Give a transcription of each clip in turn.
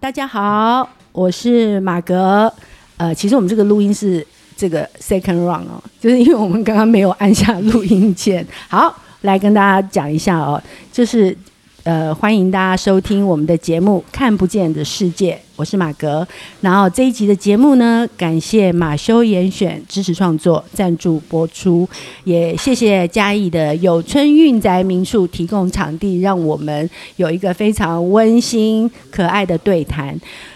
大家好，我是瑪格。呃，其實我們這個錄音是這個 second round 哦，就是因為我們剛剛沒有按下錄音鍵。好，來跟大家講一下哦，就是。呃，歡迎大家收聽我們的節目《看不見的世界》，我是瑪格。然後這一集的節目呢，感謝馬修嚴選支持創作、贊助播出，也謝謝嘉義的有春枟宅民宿提供場地，讓我們有一個非常溫馨、可愛的對談。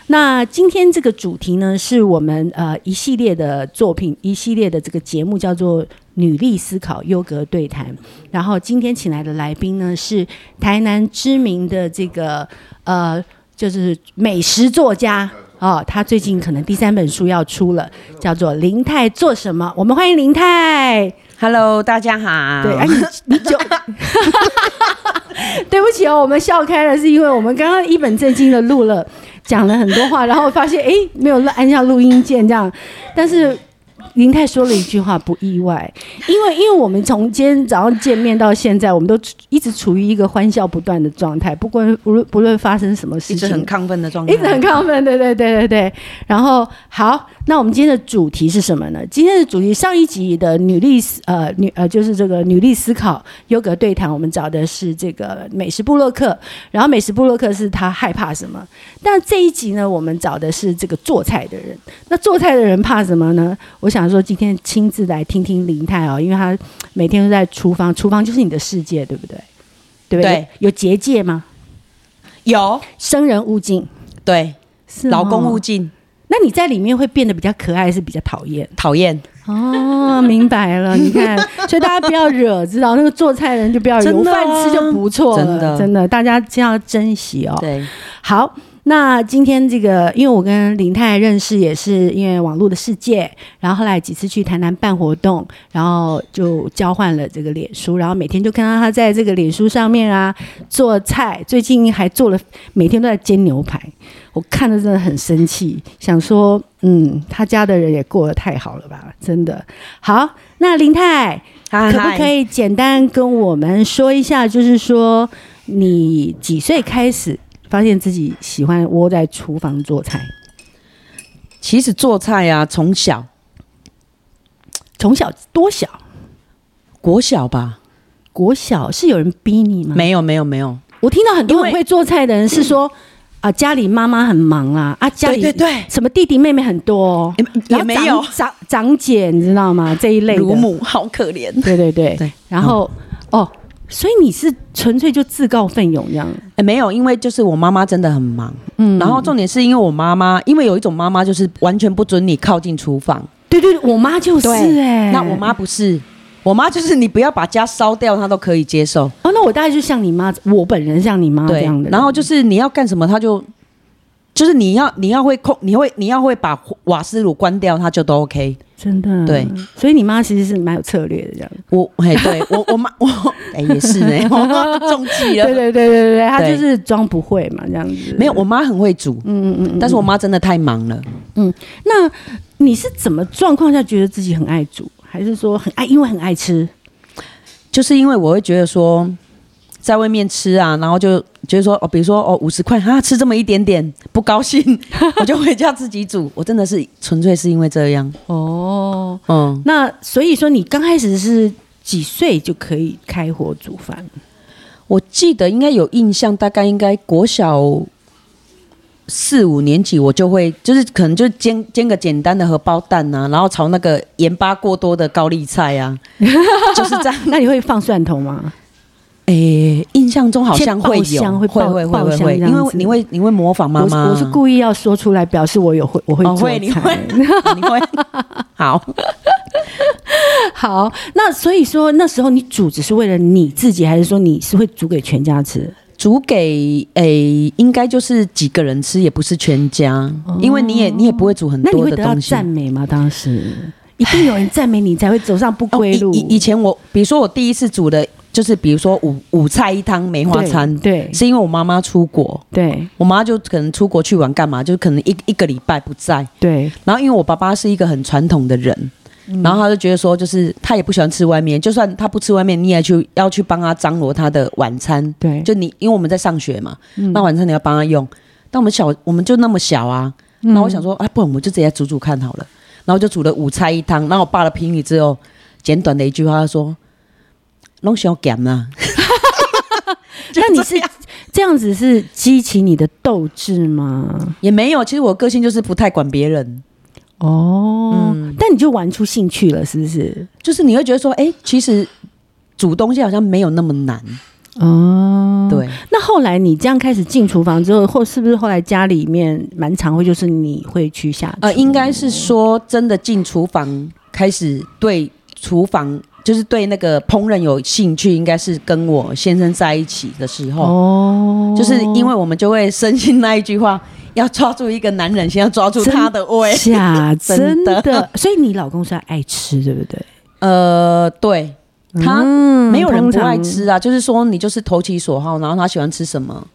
那今天這個主題呢，是我們呃一系列的作品，一系列的這個節目叫做。女力思考，優格對談。然後今天請來的來賓呢，是台南知名的這個呃，就是美食作家哦。他最近可能第三本書要出了，叫做《林太做什麼》。我們歡迎林太。Hello，大家好。對，啊你你就， 對不起哦，我們笑開了，是因為我們剛剛一本正經的錄了，講了很多話，然後發現哎，沒有按下錄音鍵這樣，但是。林太說了一句話，不意外，因為因為我們從今天早上見面到現在，我們都一直處於一個歡笑不斷的狀態，不管不論不論發生什麼事情，一直很亢奮的狀態，一直很亢奮，對對對對對。然後好，那我們今天的主題是什麼呢？今天的主題上一集的女力思呃女呃就是這個女力思考優格對談，我們找的是這個美食部落客，然後美食部落客是他害怕什麼？但這一集呢，我們找的是這個做菜的人，那做菜的人怕什麼呢？我想。他說：“今天親自來聽聽林太哦，因為她每天都在廚房，廚房就是你的世界，對不對？對不對？對，有，有結界嗎？有，生人勿近。對，老公勿近。那你在裡面會變得比較可愛，還是比較討厭？討厭。哦，明白了。你看， 所以大家不要惹， 知道那個做菜的人就不要惹。飯、啊、吃就不錯了。真的，真的，大家一定要珍惜哦。對，好。”那今天這個，因為我跟林太認識也是因為網絡的世界，然後後來幾次去台南辦活動，然後就交換了這個臉書，然後每天就看到他在這個臉書上面啊做菜，最近還做了每天都在煎牛排，我看了真的很生氣，想說嗯，他家的人也過得太好了吧，真的。好，那林太、Hi. 可不可以簡單跟我們說一下，就是說你幾歲開始？發現自己喜歡窩在廚房做菜。其實做菜呀、啊，從小，從小多小，國小吧？國小是有人逼你嗎？沒有，沒有，沒有。我聽到很多很會做菜的人是說是啊，家裡媽媽很忙啊，啊，家裡對什麼弟弟妹妹很多，對對對然後也沒有長長姐，你知道嗎？這一類如母好可憐。對對對，對然後、嗯、哦。所以你是純粹就自告奮勇這樣？欸，沒有，因為就是我媽媽真的很忙。嗯，然後重點是因為我媽媽，因為有一種媽媽就是完全不准你靠近廚房。對對對，我媽就是哎、欸，那我媽不是，我媽就是你不要把家燒掉，她都可以接受。哦，那我大概就像你媽，我本人像你媽這樣的。然後就是你要幹什麼，她就。就是你要你要會控，你會你要會把瓦斯爐關掉，它就都 OK。真的。啊，對，所以你媽其實是蠻有策略的這樣。我嘿對，我我媽我哎、欸、也是哎、欸，我媽中計了。對 對對對對對，她就是裝不會嘛這樣子。沒有，我媽很會煮，嗯嗯，嗯，嗯，但是我媽真的太忙了。嗯，嗯那你是怎麼狀況下覺得自己很愛煮，還是說很愛，因為很愛吃？就是因為我會覺得說在外面吃啊，然後就。就是說哦，比如說哦，五十塊啊，吃這麼一點點不高興， 我就回家自己煮。我真的是純粹是因為這樣哦。嗯，那所以說你剛開始是幾歲就可以開火煮飯？我記得應該有印象，大概應該國小四五年級，我就會就是可能就是煎煎個簡單的荷包蛋吶、啊，然後炒那個鹽巴過多的高麗菜啊。 就是這樣。 那你會放蒜頭嗎？誒、欸，印象中好像會有會會，會，會，會會，會。香，因為你會你會模仿嗎？我是我是故意要說出來，表示我有會我會做菜，哦，會你會 你會好好，那所以說那時候你煮只是為了你自己，還是說你是會煮給全家吃？煮給誒、欸，應該就是幾個人吃，也不是全家，哦，因為你也你也不會煮很多的東西。那你會得到讚美嗎？當時一定有人讚美你，才會走上不歸路。哦，以以前我，比如說我第一次煮的。就是比如說五五菜一湯，梅花餐對，對，是因為我媽媽出國，對，我媽就可能出國去玩幹嘛，就可能一一個禮拜不在，對。然後因為我爸爸是一個很傳統的人，嗯、然後他就覺得說，就是他也不喜歡吃外面，就算他不吃外面，你也要去要去幫他張羅他的晚餐，對。就你因為我們在上學嘛，嗯、那晚餐你要幫他用，但我們小我們就那麼小啊，那我想說、嗯、啊，不，我們就直接煮煮看好了。然後就煮了五菜一湯，那我爸的評語之後，簡短的一句話，他說。都需要幹啦。那你是這樣子是激起你的鬥志嗎？也沒有，其實我個性就是不太管別人。哦、嗯，但你就玩出興趣了，是不是？就是你會覺得說，哎、欸，其實煮東西好像沒有那麼難。哦，對。那後來你這樣開始進廚房之後，或是不是後來家裡面蠻常會就是你會去下廚？呃，應該是說真的進廚房開始對廚房。就是對那個烹飪有興趣，應該是跟我先生在一起的時候、哦，就是因為我們就會深信那一句話：要抓住一個男人，先要抓住他的胃。真假 真的，真的，所以你老公是愛吃，對不對？呃，對，他沒有人不愛吃啊，嗯、就是說你就是投其所好，然後他喜歡吃什麼。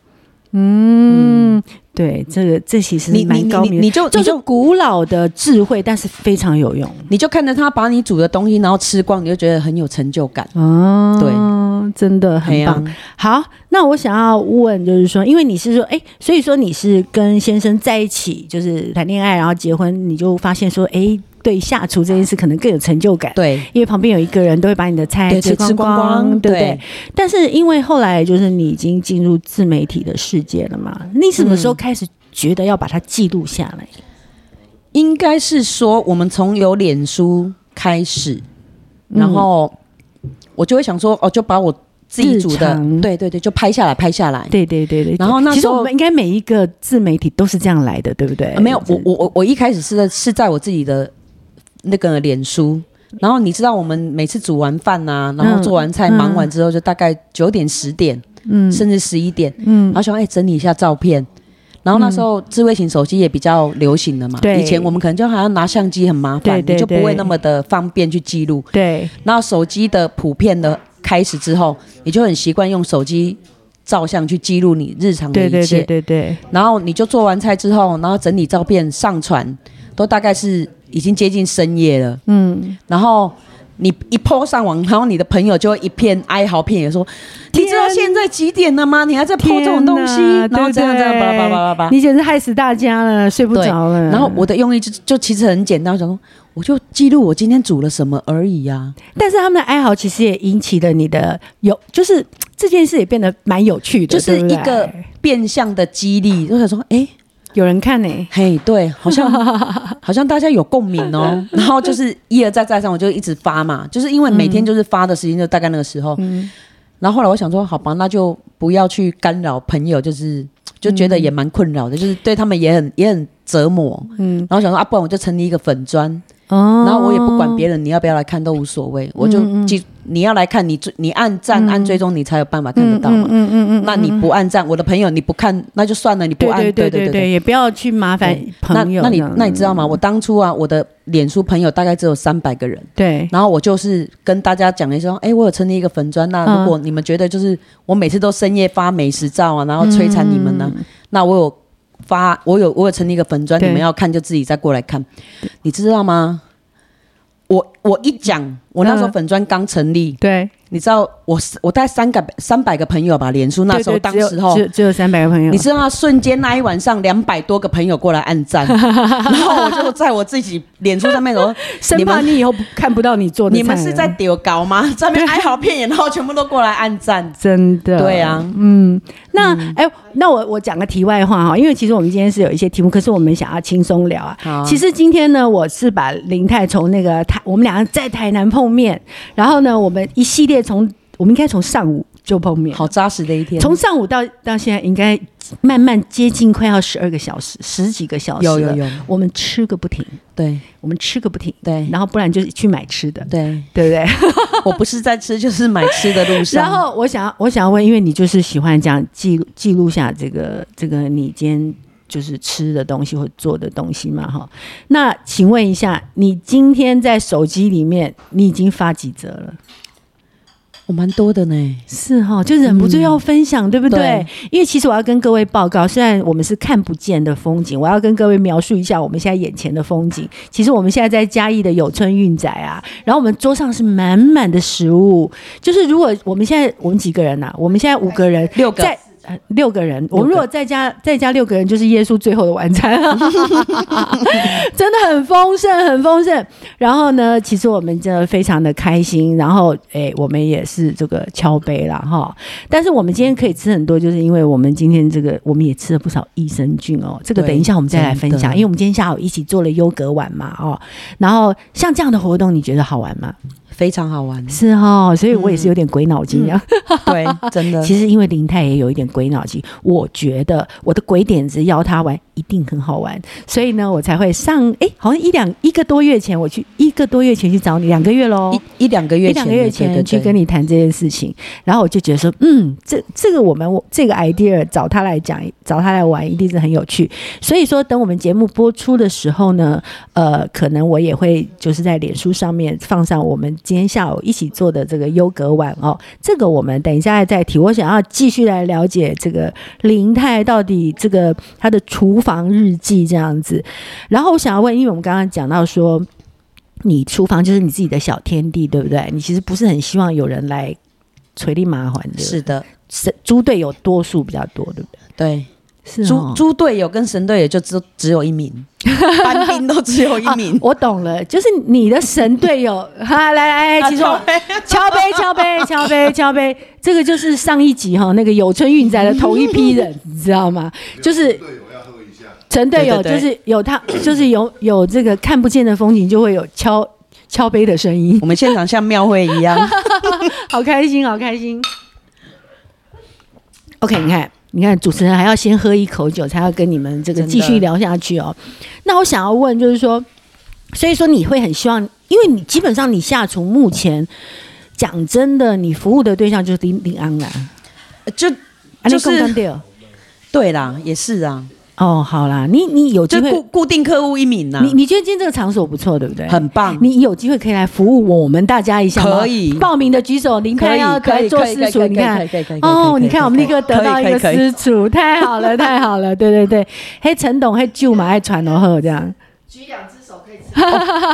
嗯，對，這個這其實蠻高明的，你你你你，你就你就，就是古老的智慧，但是非常有用。你就看着他把你煮的東西，然後吃光，你就覺得很有成就感啊！對、哦，真的很棒、啊。好，那我想要問，就是說，因為你是說，哎，所以說你是跟先生在一起，就是談戀愛，然後結婚，你就發現說，哎。對，下廚這件事可能更有成就感，對，因為旁邊有一個人都會把你的菜吃光光，吃光光，對，對，對，但是因為後來就是你已經進入自媒體的世界了嘛，你什麼時候開始覺得要把它記錄下來？嗯，應該是說我們從有臉書開始，嗯，然後我就會想說，哦，就把我自己煮的，對對對，就拍下來，拍下來，對對對對。然後那時候其實我們應該每一個自媒體都是這樣來的，對不對？沒有，我我我我一開始是是在我自己的。那個臉書，然後你知道我們每次煮完飯吶、啊，然後做完菜忙完之後，就大概九點十點嗯，嗯，甚至十一點嗯，嗯，然後想哎整理一下照片，然後那時候智慧型手機也比較流行了嘛、嗯，對，以前我們可能就好像拿相機很麻煩，對對對，你就不會那麼的方便去記錄，對對對，然後手機的普遍的開始之後，你就很習慣用手機照相去記錄你日常的一切，對對對對對，然後你就做完菜之後，然後整理照片上傳，都大概是。已經接近深夜了，嗯，然後你一 PO 上網，然後你的朋友就會一片哀嚎，片也說、啊：“你知道現在幾點了嗎？你還在 PO 這種東西、啊？”然後這樣這樣叭叭叭叭叭，你簡直害死大家了，睡不着了。然後我的用意就就其實很簡單，我想說我就記錄我今天煮了什麼而已呀、啊嗯。但是他們的哀嚎其實也引起了你的有，就是這件事也變得蠻有趣的，就是一個變相的激勵。就、嗯、想說，哎、欸。有人看呢、欸，嘿、hey,，對，好像好像大家有共鳴哦， 然後就是一而再再三，我就一直發嘛，就是因為每天就是發的時間就大概那個時候，嗯，然後後來我想說，好吧，那就不要去干擾朋友，就是就覺得也蠻困擾的，就是對他們也很也很折磨，嗯，然後想說啊，不然我就成立一個粉專。Oh, 然後我也不管別人，你要不要來看都無所謂、嗯，我就記你要來看你最你按贊、嗯、按追蹤你才有辦法看得到嘛。嗯嗯嗯，嗯。那你不按贊，我的朋友你不看那就算了，你不按對對對對對，對，對，對，對，對，對，也不要去麻煩朋友，朋友那。那那你、嗯、那你知道嗎、嗯？我當初啊，我的臉書朋友大概只有三百個人。對。然後我就是跟大家講一聲，哎、欸，我有成立一個粉專、啊嗯，那如果你們覺得就是我每次都深夜發美食照啊，然後摧殘你們呢、啊嗯，那我有。發，我有我有成立一個粉專，你們要看就自己再過來看，你知道嗎？我我一講。我那時候粉專剛成立，嗯，對，你知道我我帶三個三百個朋友吧，臉書那時候對對當時候只有只有三百個朋友，你知道嗎？瞬間那一晚上兩百多個朋友過來按讚， 然後我就在我自己臉書上面說，生 怕你以後看不到你做，你們是在屌搞嗎？上面拍好片，然後全部都過來按讚。真的，對啊，嗯，那哎、嗯欸，那我我講個題外話哈，因為其實我們今天是有一些題目，可是我們想要輕鬆聊啊。其實今天呢，我是把林太從那個台，我們兩個在台南碰。面，然後呢，我們一系列從我們應該從上午就碰面，好扎實的一天，從上午到到現在，應該慢慢接近，快要十二個小時，十幾個小時有有有，我們吃個不停，對，我們吃個不停，對，然後不然就去買吃的，對對不對？我不是在吃，就是買吃的路上。 然後我想，我想要問，因為你就是喜歡這樣記記錄下這個這個你今天。就是吃的東西或做的東西嘛，哈。那請問一下，你今天在手機裡面你已經發幾則了？我蠻多的呢，是哈、哦，就忍不住要分享，嗯、對不對，對？因為其實我要跟各位報告，雖然我們是看不見的風景，我要跟各位描述一下我們現在眼前的風景。其實我們現在在嘉義的有春枟宅啊，然後我們桌上是滿滿的食物，就是如果我們現在我們幾個人吶、啊，我們現在五個人，六個。六個人，個我如果再加再加六個人，就是耶穌最後的晚餐， 真的很豐盛，很豐盛。然後呢，其實我們真的非常的開心。然後，誒、欸，我們也是這個敲杯了哈。但是我們今天可以吃很多，就是因為我們今天這個我們也吃了不少益生菌哦。這個等一下我們再來分享，因為我們今天下午一起做了優格碗嘛哦。然後像這樣的活動，你覺得好玩嗎？非常好玩，是哦，所以我也是有點鬼腦筋呀、嗯嗯。對，真的，其實因為林太也有一點鬼腦筋，我覺得我的鬼點子邀他玩一定很好玩，所以呢，我才會上。哎、欸，好像一兩一個多月前，我去一個多月前去找你兩個月嘍，一兩個月，一兩個月前，個月前，對對對對對，去跟你談這件事情，然後我就覺得說，嗯，這這個我們這個 idea 找他來講，找他來玩一定是很有趣。所以說，等我們節目播出的時候呢，呃，可能我也會就是在臉書上面放上我們。今天下午一起做的這個優格碗哦，這個我們等一下再提。我想要繼續來了解這個林太到底這個他的廚房日記這樣子。然後我想要問，因為我們剛剛講到說，你廚房就是你自己的小天地，對不對？你其實不是很希望有人來錘你麻煩的。是的，是豬隊友多數比較多，對不對？對。豬豬隊友跟神隊友就只只有一名，班兵都只有一名。 啊、我懂了，就是你的神隊友 、啊。來來來，起、啊、手敲， 敲杯，敲杯，敲杯，敲杯，這個就是上一集哈、哦、那個有春枟宅的同一批人， 你知道嗎？就是神隊友就是有他，就是有有這個看不見的風景，就會有敲敲杯的聲音。我們現場像廟會一樣， 好開心，好開心。 OK，你看。你看主持人還要先喝一口酒，才要跟你們這個繼續聊下去哦。那我想要問，就是說，所以說你會很希望，因為你基本上你下廚目前講真的，你服務的對象就是丁丁安啦、呃，就就是對，對啦，也是啊。哦，好啦，你你有機會就固固定客戶一名呢、啊。你你覺得今天這個場所不錯，對不對？很棒，你有機會可以來服務我們大家一下嗎？可以，報名的舉手。您可以您要來做私廚，你看，可以可以可以。哦，你看我們立刻得到一個私廚，太好了，太好了。 對對對，嘿，陳董愛酒嗎？還傳後、哦、這樣。舉兩隻手可以吃。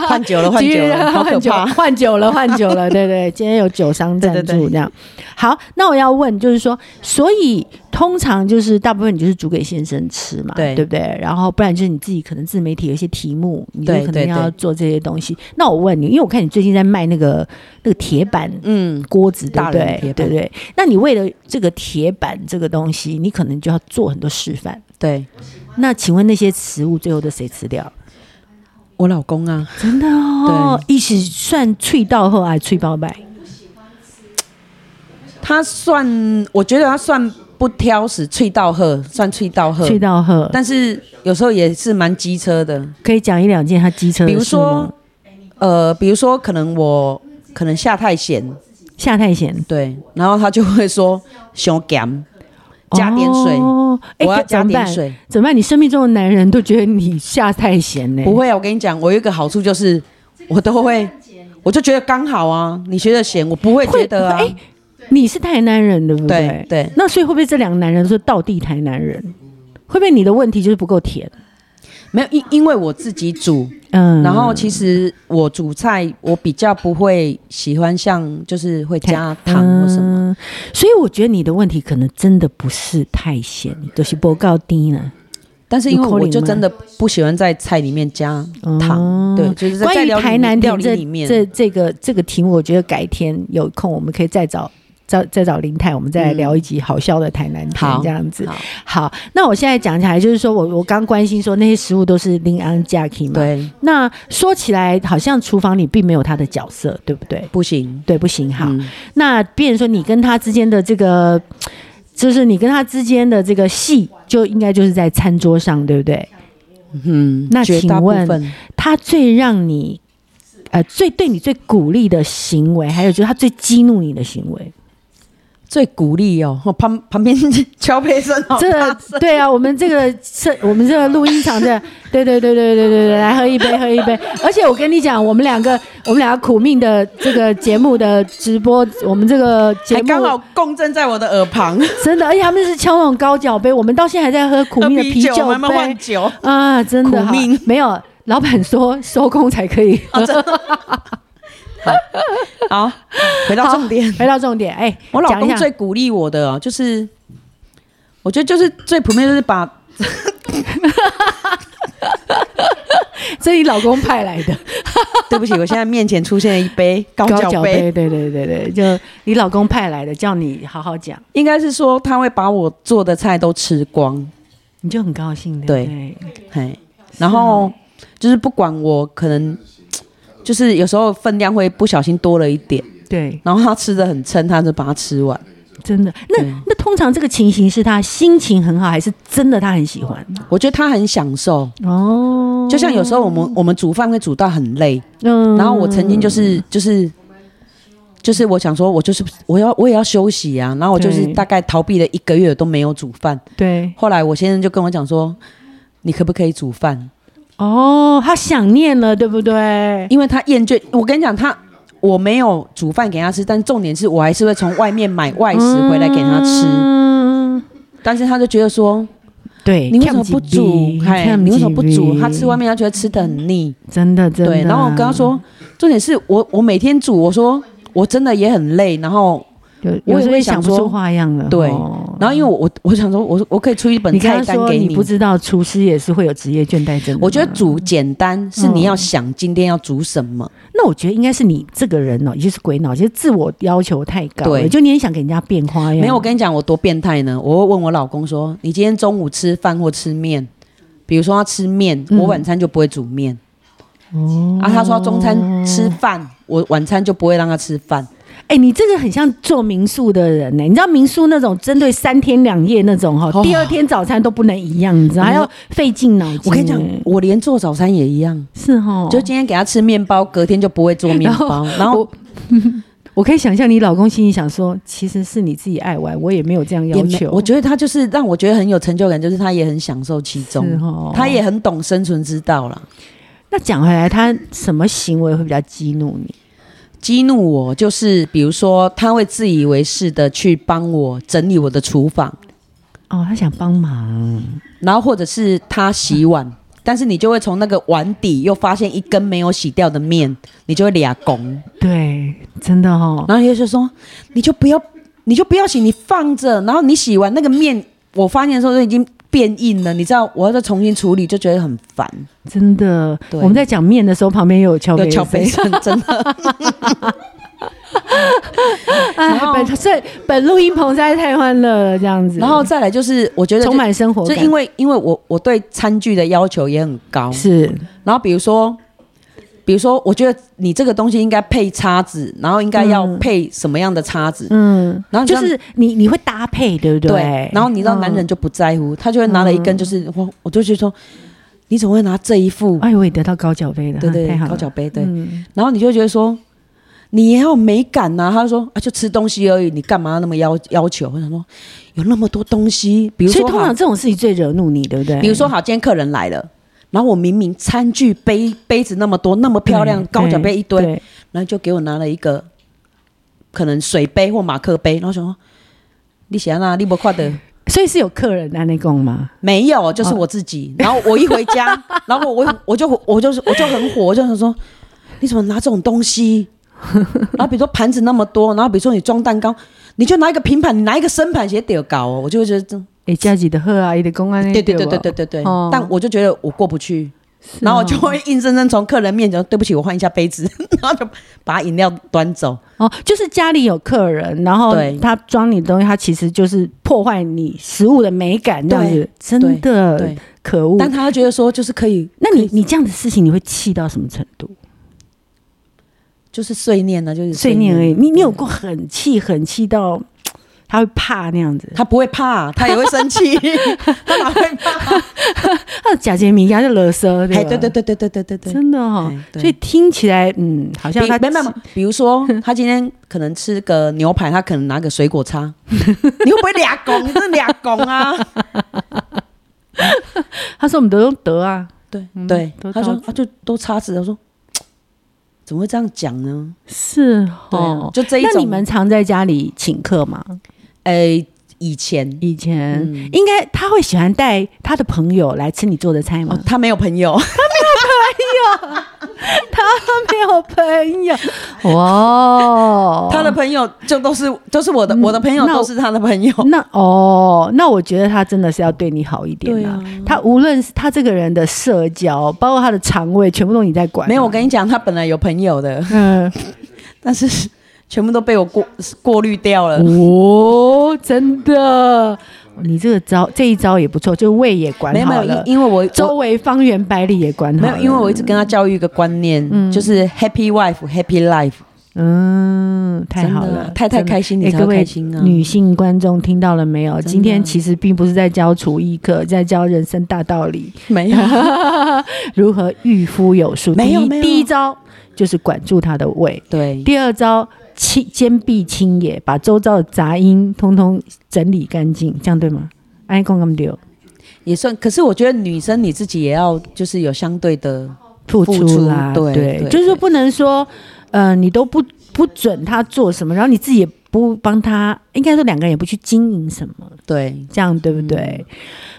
換 酒、哦、了，換酒了，好可怕！換 酒了，換酒了， 了，了。對對，今天有酒商贊助 對對對對這樣。好，那我要問，就是說，所以通常就是大部分你就是煮給先生吃嘛，對對不對？然後不然就是你自己可能自媒體有一些題目，你就可能要做這些東西對對對。那我問你，因為我看你最近在賣那個那個鐵板嗯鍋子，嗯、對不對，對？對不對？那你為了這個鐵板這個東西，你可能就要做很多示範。對，那請問那些食物最後都誰吃掉？我老公啊， 真的哦，一起算脆到後還脆包百。他算，我覺得他算不挑食，脆到喝，算脆到喝，脆到喝。但是有時候也是蠻機車的，可以講一兩件他機車的事嗎？呃，比如說可能我可能下太鹹，下太鹹，對。然後他就會說想鹹，加點水，哦，我要加點水，欸怎。怎麼辦？你生命中的男人都覺得你下太鹹呢？欸？不會啊，我跟你講，我有一個好處就是，我都會，我就覺得剛好啊。你覺得鹹，我不會覺得啊。你是台南人，對不對？對對。那所以會不會這兩個男人是道地台南人，會不會你的問題就是不夠甜？沒有，因因為我自己煮，嗯，然後其實我煮菜我比較不會喜歡像就是會加糖或什麼、嗯，所以我覺得你的問題可能真的不是太鹹，就是不夠低了、啊。但是因為我就真的不喜歡在菜裡面加糖，嗯、對，就是在在關在台南料理點這這這個這個題目，我覺得改天有空我們可以再找。找，再找林太，我們再來聊一集好笑的台南片這樣子，嗯，好好。好，那我現在講起來，就是說我我剛關心說那些食物都是林安 Jackie 嘛。對。那說起來，好像廚房裡並沒有他的角色，對不對？不行，對不行。好，嗯，那變成說你跟他之間的這個，就是你跟他之間的這個戲，就應該就是在餐桌上，對不對？嗯。那請問他最讓你呃最對你最鼓勵的行為，還有就是他最激怒你的行為？最鼓勵哦，旁旁邊敲杯聲好，這個，對啊，我們這個是我們這個錄音場的，對對對對對對對，來喝一杯喝一杯。而且我跟你講，我們兩個我們倆苦命的這個節目的直播，我們這個節目剛好共振在我的耳旁，真的。而且他們是敲那種高腳杯，我們到現在還在喝苦命的啤酒杯啊，真的。苦命沒有，老闆說收工才可以喝。 好，回到重點，回到重點。哎、欸，我老公最鼓勵我的，啊，就是我覺得就是最普遍，就是把，這 你老公派來的， 對不起，我現在面前出現了一杯高腳杯，對對對對對，就你老公派來的，叫你好好講， 應該是說他會把我做的菜都吃光，你就很高興對，對，對。哦，然後就是不管我可能。就是有時候分量會不小心多了一點，對，然後他吃得很撐，他就把它吃完。真的，那那通常這個情形是他心情很好，還是真的他很喜歡？我覺得他很享受哦。就像有時候我們我們煮飯會煮到很累，嗯，然後我曾經就是就是就是我想說，我就是我要我也要休息啊，然後我就是大概逃避了一個月都沒有煮飯。對，後來我先生就跟我講說，你可不可以煮飯？哦，他想念了，對不對？因為他厭倦。我跟你講，他我沒有煮飯給他吃，但重點是我還是會從外面買外食回來給他吃。嗯，但是他就覺得說，對，你為什麼不煮？嘿，你為什麼不煮？他吃外面，他覺得吃得很膩，真的，真的。然後我跟他說，重點是我，我每天煮，我說我真的也很累，然後。我也會想不出花樣的，對。然後因為我我想說我，我我可以出一本菜單給你。你你不知道廚師也是會有職業倦怠症的。我覺得煮簡單是你要想今天要煮什麼。嗯、那我覺得應該是你這個人呢，也就是龜毛，就是自我要求太高了。對，就你也想給人家變花樣。沒有，我跟你講，我多變態呢。我會問我老公說，你今天中午吃飯或吃麵？比如說他吃麵，我晚餐就不會煮麵。哦、嗯。啊，他說中餐吃飯，我晚餐就不會讓他吃飯。哎、欸，你這個很像做民宿的人呢、欸。你知道民宿那種針對三天兩夜那種哈，第二天早餐都不能一樣，哦、你知道還、嗯、要費盡腦筋。我跟你講，我連做早餐也一樣，是哈、哦，就今天給他吃麵包，隔天就不會做麵包。然後，然後我， 我可以想象你老公心裡想說，其實是你自己愛玩，我也沒有這樣要求。我覺得他就是讓我覺得很有成就感，就是他也很享受其中，是哦、他也很懂生存之道了。那講回來，他什麼行為會比較激怒你？激怒我就是，比如說他會自以為是的去幫我整理我的廚房，哦，他想幫忙，然後或者是他洗碗，嗯、但是你就會從那個碗底又發現一根沒有洗掉的麵，你就會抓狂，對，真的哦。然後你就是說你就不要，你就不要洗，你放着，然後你洗完那個麵，我發現的時候都已經。變硬了，你知道，我要再重新處理就覺得很煩，真的。對，我們在講麵的時候，旁邊也有敲杯聲，敲杯的聲 真的。 哎、本所以本錄音棚實在太歡樂了，這樣子。然後再來就是，我覺得充滿生活，就因為因為我我對餐具的要求也很高，是。然後比如說。比如說，我覺得你這個東西應該配叉子，然後應該要配什麼樣的叉子？嗯，然後就是你你會搭配，對不對？對。然後你讓男人就不在乎，嗯，他就會拿了一根，就是我我就覺得說，你怎麼會拿這一副。哎呦，我也得到高腳杯了，對對，太好高腳杯對，嗯。然後你就覺得說，你也要美感吶，啊，他就說啊，就吃東西而已，你幹嘛那麼要要求？我想說，有那麼多東西，比如說，通常這種事情最惹怒你，對不對？比如說好，好，嗯，今天客人來了。然後我明明餐具杯杯子，那麼多那麼漂亮，高腳杯一堆，然後就給我拿了一個可能水杯或馬克杯，然後想說你想要哪？你不快的，所以是有客人來你工嗎？沒有，就是我自己。哦、然後我一回家， 然後我我就我就是我，我就很火，我就想說你怎麼拿這種東西？ 然後比如說盤子那麼多，然後比如說你裝蛋糕，你就拿一個平盤，你拿一個深盤，也屌高哦？我就會覺得這。哎、啊，家裡的賀阿姨的公安對對對對對對對、哦，但我就覺得我過不去、哦，然後我就會硬生生從客人面前說，對不起，我換一下杯子，然後就把他飲料端走。哦，就是家裡有客人，然後他裝你的東西，他其實就是破壞你食物的美感這樣子，對真的可惡對對。但他覺得說就是可以，那你你這樣的事情，你會氣到什麼程度？就是碎念呢，就是碎念。碎念而已。你你有過很氣很氣到？他會怕那樣子，他不會怕，他也會生氣， 他哪會怕？ 他賈杰明，人家就勒色 對對對對對對對對對，對，對真的哈、哦欸。所以聽起來，嗯，好像他明白嗎？比如說， 他今天可能吃個牛排，他可能拿個水果叉， 你會不會抓狂？ 是抓狂啊、 嗯？他說我們都用得啊、對、嗯、對。他說、嗯、他就都叉子。我說怎麼會這樣講呢？是、哦，對、嗯，就這一種。那你們常在家裡請客嗎？呃，以前以前、嗯、應該他會喜歡帶他的朋友來吃你做的菜嗎、哦？他沒有朋友，他沒有朋友， 他沒有朋友。哇、哦，他的朋友就都是就是我的、嗯，我的朋友都是他的朋友。那，那哦，那我覺得他真的是要對你好一點啦、啊。他無論是他這個人的社交，包括他的腸胃，全部都你在管。沒有，我跟你講，他本來有朋友的，嗯， 但是。全部都被我過過濾掉了哦，真的，你這個招這一招也不錯，就胃也管好了。沒有，沒有，因為我周圍方圓百里也管好了。沒有，因為我一直跟他教育一個觀念，嗯、就是 Happy Wife Happy Life。嗯，太好了，太太開心，的你才會開心啊、欸！女性觀眾聽到了沒有？今天其實並不是在教廚藝課，在教人生大道理。沒有， 如何御夫有術？沒有，沒有。第一招就是管住他的胃。對。第二招。清堅壁清野，把周遭的雜音通通整理乾淨，這樣對嗎？愛公他丟也算，可是我覺得女生你自己也要就是有相對的付出，付出啦對對，對，就是說不能說，呃，你都不不准他做什麼，然後你自己也不幫他，應該說兩個人也不去經營什麼，對，這樣對不對？嗯，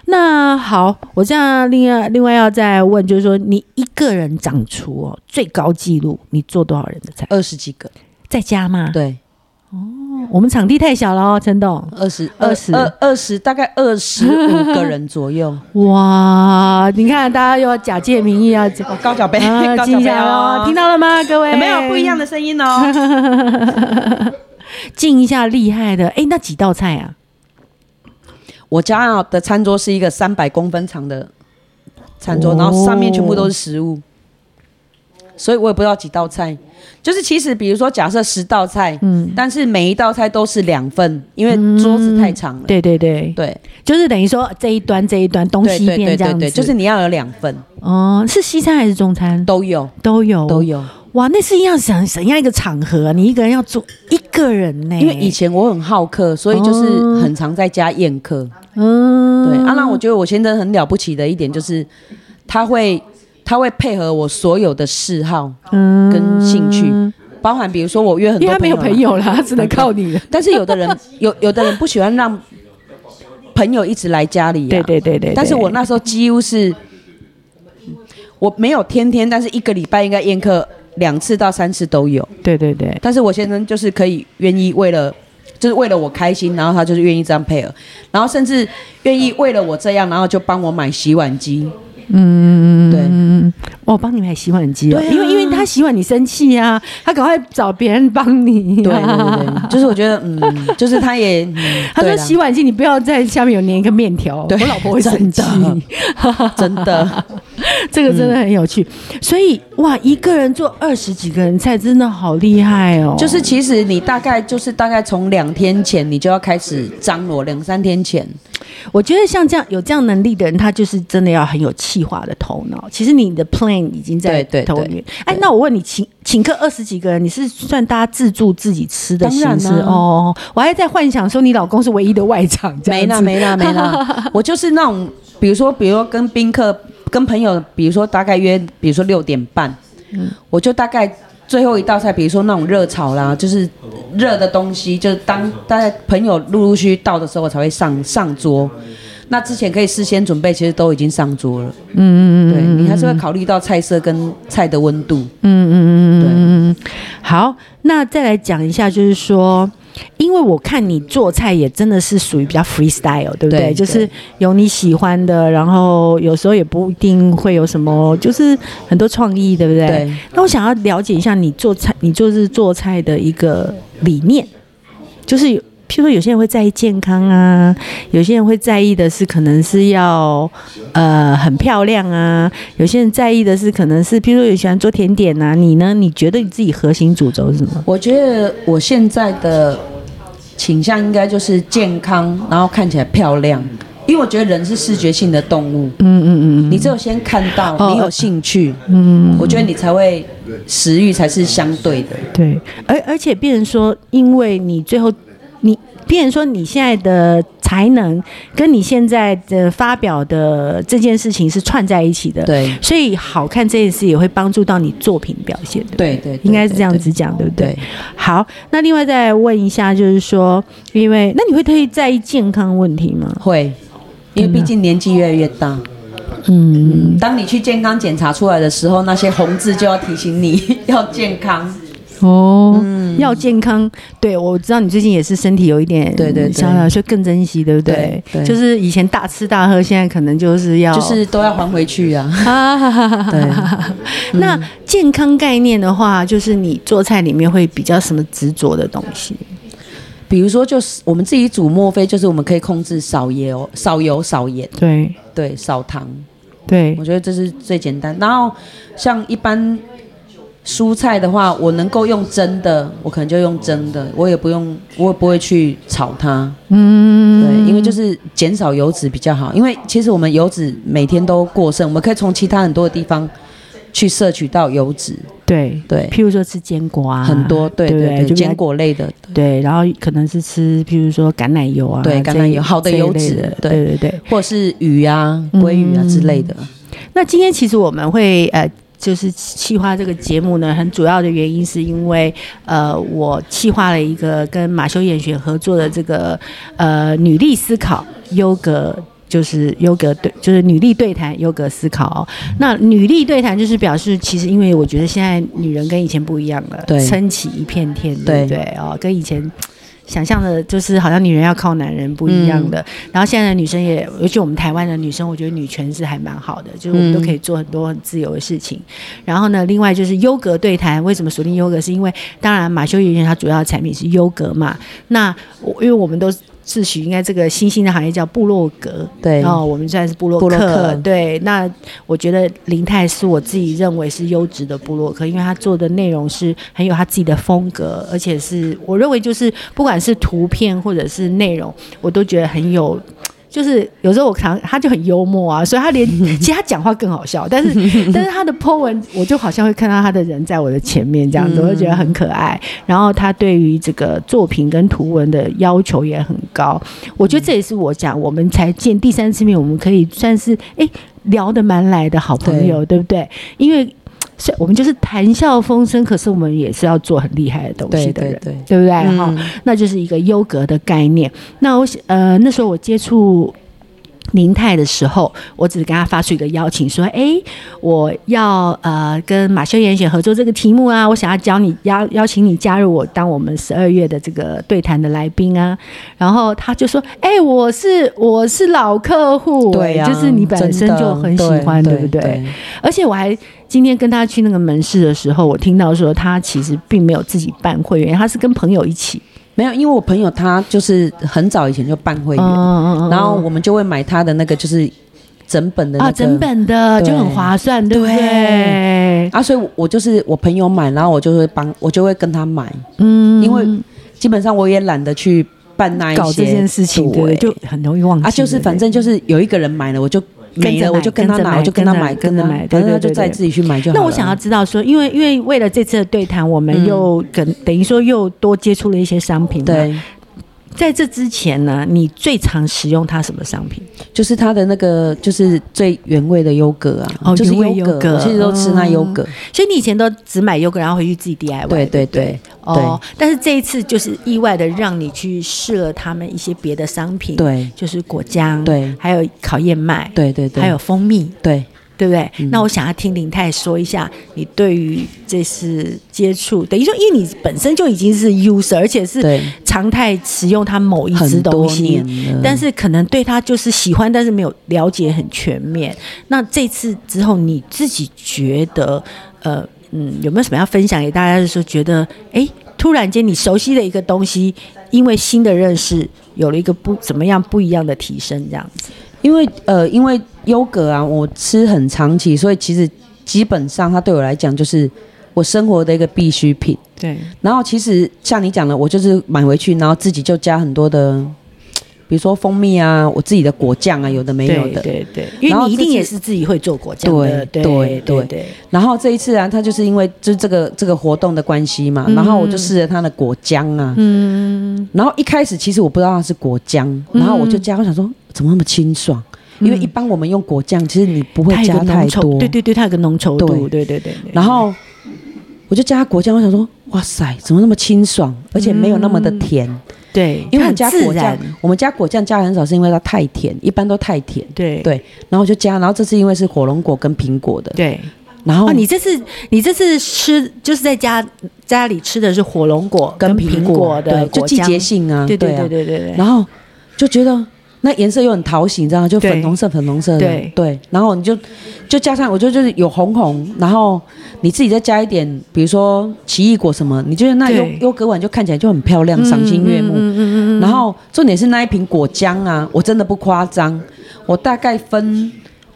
那好，我這樣另外另外要再問，就是說你一個人掌廚哦，最高紀錄，你做多少人的菜？二十幾個。在家嗎？對，哦、oh，我們場地太小了哦，陳董，二十二十二十，20, 大概二十五個人左右。 哇，你看，大家又要假借名義啊，高腳杯，敬一下哦，聽到了嗎，各位？沒有不一樣的聲音哦，敬 一下厲害的。哎、欸，那幾道菜啊？我家的餐桌是一個三百公分長的餐桌，oh. 然後上面全部都是食物，所以我也不知道幾道菜。就是其實，比如說，假設十道菜，嗯，但是每一道菜都是兩份，因為桌子太長了。嗯、對對對對，就是等於說這一端這一端東西變這樣，對，對，對，對，對，就是你要有兩份。哦，是西餐還是中餐？都有，都有，都有。哇，那是一樣想怎樣一個場合、啊、你一個人要做一個人呢、欸？因為以前我很好客，所以就是很常在家宴客。哦。嗯，對、啊，阿浪，我覺得我先生很了不起的一點就是，他會。他會配合我所有的嗜好，嗯，跟興趣，嗯，包含比如說我約很多朋友，因為他沒有朋友了，他只能靠你了。但是有的人 有，有的人不喜歡讓朋友一直來家裡，對對對對。但是我那時候幾乎是，嗯，我沒有天天，但是一個禮拜應該宴客兩次到三次都有。對對對對。但是我先生就是可以願意為了，就是為了我開心，然後他就是願意這樣配合，然後甚至願意為了我這樣，然後就幫我買洗碗機。嗯嗯嗯，對，我幫你買洗碗機，對、啊，因為因為他洗碗你生氣啊，他趕快找別人幫你，對，對，對， 就是我覺得，嗯，就是他也，嗯、他說洗碗機你不要在下面有粘一個麵條，我老婆會生氣，真的， 真的 這個真的很有趣，嗯、所以哇，一個人做二十幾個人菜真的好厲害哦，就是其實你大概就是大概從兩天前你就要開始張羅，兩三天前。我覺得像這樣有這樣能力的人，他就是真的要很有企劃的頭腦。其實你的 plan 已經在頭腦裡面。哎、啊，那我問你，請請客二十幾個人，你是算大家自助自己吃的心思？當然、啊、哦，我還在幻想說你老公是唯一的外場，沒啦沒啦沒啦，沒啦 我就是那種，比如說，比如說跟賓客、跟朋友，比如說大概約，比如說六點半，嗯，我就大概。最後一道菜，比如說那種熱炒啦，就是熱的東西，就是當大家朋友陸陸續續到的時候，我才會上上桌。那之前可以事先準備，其實都已經上桌了。嗯嗯嗯，對，你還是會考慮到菜色跟菜的溫度。嗯嗯嗯嗯，對。嗯。好，那再來講一下，就是說。因為我看你做菜也真的是屬於比較 freestyle，對不對？對，對。就是有你喜歡的，然後有時候也不一定會有什麼，就是很多創意，對不對？對。那我想要了解一下你做菜，你就是做菜的一個理念，就是譬如說，有些人會在意健康啊，有些人會在意的是，可能是要呃很漂亮啊。有些人在意的是，可能是譬如說，有喜歡做甜點吶、啊。你呢？你覺得你自己核心主軸是什麼？我覺得我現在的傾向應該就是健康，然後看起來漂亮。因為我覺得人是視覺性的動物。嗯嗯嗯。你只有先看到，你、oh、有興趣。嗯，嗯，嗯。我覺得你才會食欲才是相對的。對。而而且變成說，因為你最後。比如說，你現在的才能跟你現在的發表的這件事情是串在一起的。對，所以好看這件事也會幫助到你作品表現。對對、對、對、對、對、對對，應該是這樣子講，對不對？對。好，那另外再問一下，就是說，因為那你會特意在意健康問題嗎？會，因為畢竟年紀越來越大。嗯。嗯，當你去健康檢查出來的時候，那些紅字就要提醒你要健康。哦、嗯，要健康，對，我知道你最近也是身體有一點，對對對，了就更珍惜，對不對，對，對？就是以前大吃大喝，現在可能就是要，就是都要還回去呀、啊。啊哈哈哈哈對，對、嗯。那健康概念的話，就是你做菜裡面會比較什麼執着的東西？比如說，就是我們自己煮，莫非就是我們可以控制少油、少油、少鹽？對對，少糖。對，我覺得這是最簡單。然後像一般。蔬菜的話，我能夠用蒸的，我可能就用蒸的，我也不用，我也不會去炒它。嗯，對，因為就是減少油脂比較好。因為其實我們油脂每天都過剩，我們可以從其他很多的地方去攝取到油脂。對對。譬如說吃堅果啊，很多對，對對，堅果類的對。對，然後可能是吃譬如說橄欖油啊。對，橄欖油好的油脂的的。對對對，對，對，或者是魚啊、鮭魚啊之類的。嗯。那今天其實我們會呃。就是企劃這個節目呢，很主要的原因是因為，呃，我企劃了一個跟馬修嚴選合作的這個，呃，女力思考優格，就是優格對，就是女力對談優格思考，哦。那女力對談就是表示，其實因為我覺得現在女人跟以前不一樣了，撐起一片天對不對，對對哦，跟以前。想象的就是好像女人要靠男人不一樣的，嗯，然後現在的女生也，尤其我們台灣的女生，我覺得女權是還蠻好的，就是我們都可以做很多很自由的事情。嗯、然後呢，另外就是優格對談，為什麼鎖定優格？是因為當然馬修嚴選他主要的產品是優格嘛，那因為我們都。自詡應該這個新興的行業叫部落格，對哦，我們算是部落客。對，那我覺得林泰是我自己認為是優質的部落客，因為他做的內容是很有他自己的風格，而且是我認為就是不管是圖片或者是內容，我都覺得很有。就是有時候我常，他就很幽默啊，所以他連其實他講話更好笑，但是 但是他的 Po 文，我就好像會看到他的人在我的前面這樣子，我就覺得很可愛。嗯、然後他對於這個作品跟圖文的要求也很高，嗯、我覺得這也是我講，我們才見第三次面，我們可以算是哎、欸、聊得蠻來的好朋友，對，對不對？因為。所以我們就是談笑風生，可是我們也是要做很厲害的東西的人，對，對，對，對不對？哈、嗯，那就是一個優格的概念。那我呃那時候我接觸。林太的時候，我只是跟他發出一個邀請，說：“哎、欸，我要呃跟馬修嚴選合作這個題目啊，我想要邀你，邀邀請你加入我，當我們十二月的這個對談的來賓啊。”然後他就說：“哎、欸，我是我是老客戶，對呀、啊，就是你本身就很喜歡，對不對，對，對？而且我還今天跟他去那個門市的時候，我聽到說他其實並沒有自己辦會員，他是跟朋友一起。”沒有，因為我朋友他就是很早以前就辦會員，哦、然後我們就會買他的那個就是整本的、那個、啊，整本的就很划算，對不對？啊，所以我，我就是我朋友買，然後我就會幫我就會跟他買、嗯，因為基本上我也懶得去辦那一些，搞這件事情對對，就很容易忘記啊，就是反正就是有一個人買了我就。跟着我，我就跟他買，我就跟他跟買，跟着買，他就再自己去買。那我想要知道說，因為因為為了這次的對談，我們又跟、嗯、等等於說又多接觸了一些商品。對。在這之前呢，你最常使用它什麼商品？就是它的那個，就是最原味的優格啊，哦，就是優格，原味優格，我其實都吃那優格。嗯。所以你以前都只買優格，然後回去自己 DIY 對對對。對對對，哦對。但是這一次就是意外的，讓你去試了他們一些別的商品，對，就是果漿，對，還有烤燕麥，對對對，還有蜂蜜，對。對不對、嗯？那我想要聽林太說一下，你對於這次接觸，等於說，因為你本身就已經是 user，而且是常態使用它某一支東西，但是可能對它就是喜歡，但是沒有了解很全面。那這次之後，你自己覺得，呃，嗯，有沒有什麼要分享給大家就是說？的時候覺得，哎，突然間你熟悉的一個東西，因為新的認識，有了一個不怎麼樣不一樣的提升，這樣子。因為呃，因為優格啊，我吃很長期，所以其實基本上它對我來講就是我生活的一個必需品。對，然後其實像你講的，我就是買回去，然後自己就加很多的。比如說蜂蜜啊，我自己的果醬啊，有的沒有的，對對，對然後。因為你一定也是自己會做果醬的，對對對，對，對，對然後這一次啊，他就是因為就這個這個活動的關係嘛、嗯，然後我就試了他的果醬啊。嗯，然後一開始其實我不知道它是果醬、嗯，然後我就加，我想說怎麼那麼清爽、嗯？因為一般我們用果醬，其實你不會加太多，對對對，它有個濃稠度，對對對。然後我就加果醬，我想說。哇塞，怎麼那麼清爽，而且沒有那麼的甜？嗯、對自然，因為我們家果醬，我們家果醬加很少，是因為它太甜，一般都太甜。對對，然後我就加，然後這次因為是火龍果跟蘋果的，對。然後、哦、你這次你這次吃就是在家家裡吃的是火龍果跟蘋果的果醬跟蘋果，對，就季節性啊，對啊，對，對對對對對。然後就覺得。那顏色又很討喜，你知道嗎？就粉紅色、粉紅色的。對。然後你就，就加上，我覺得就是有紅紅，然後你自己再加一點，比如說奇異果什麼，你就那有優格碗就看起來就很漂亮，賞心悅目。嗯嗯嗯。然後重點是那一瓶果醬啊，我真的不誇張，我大概分，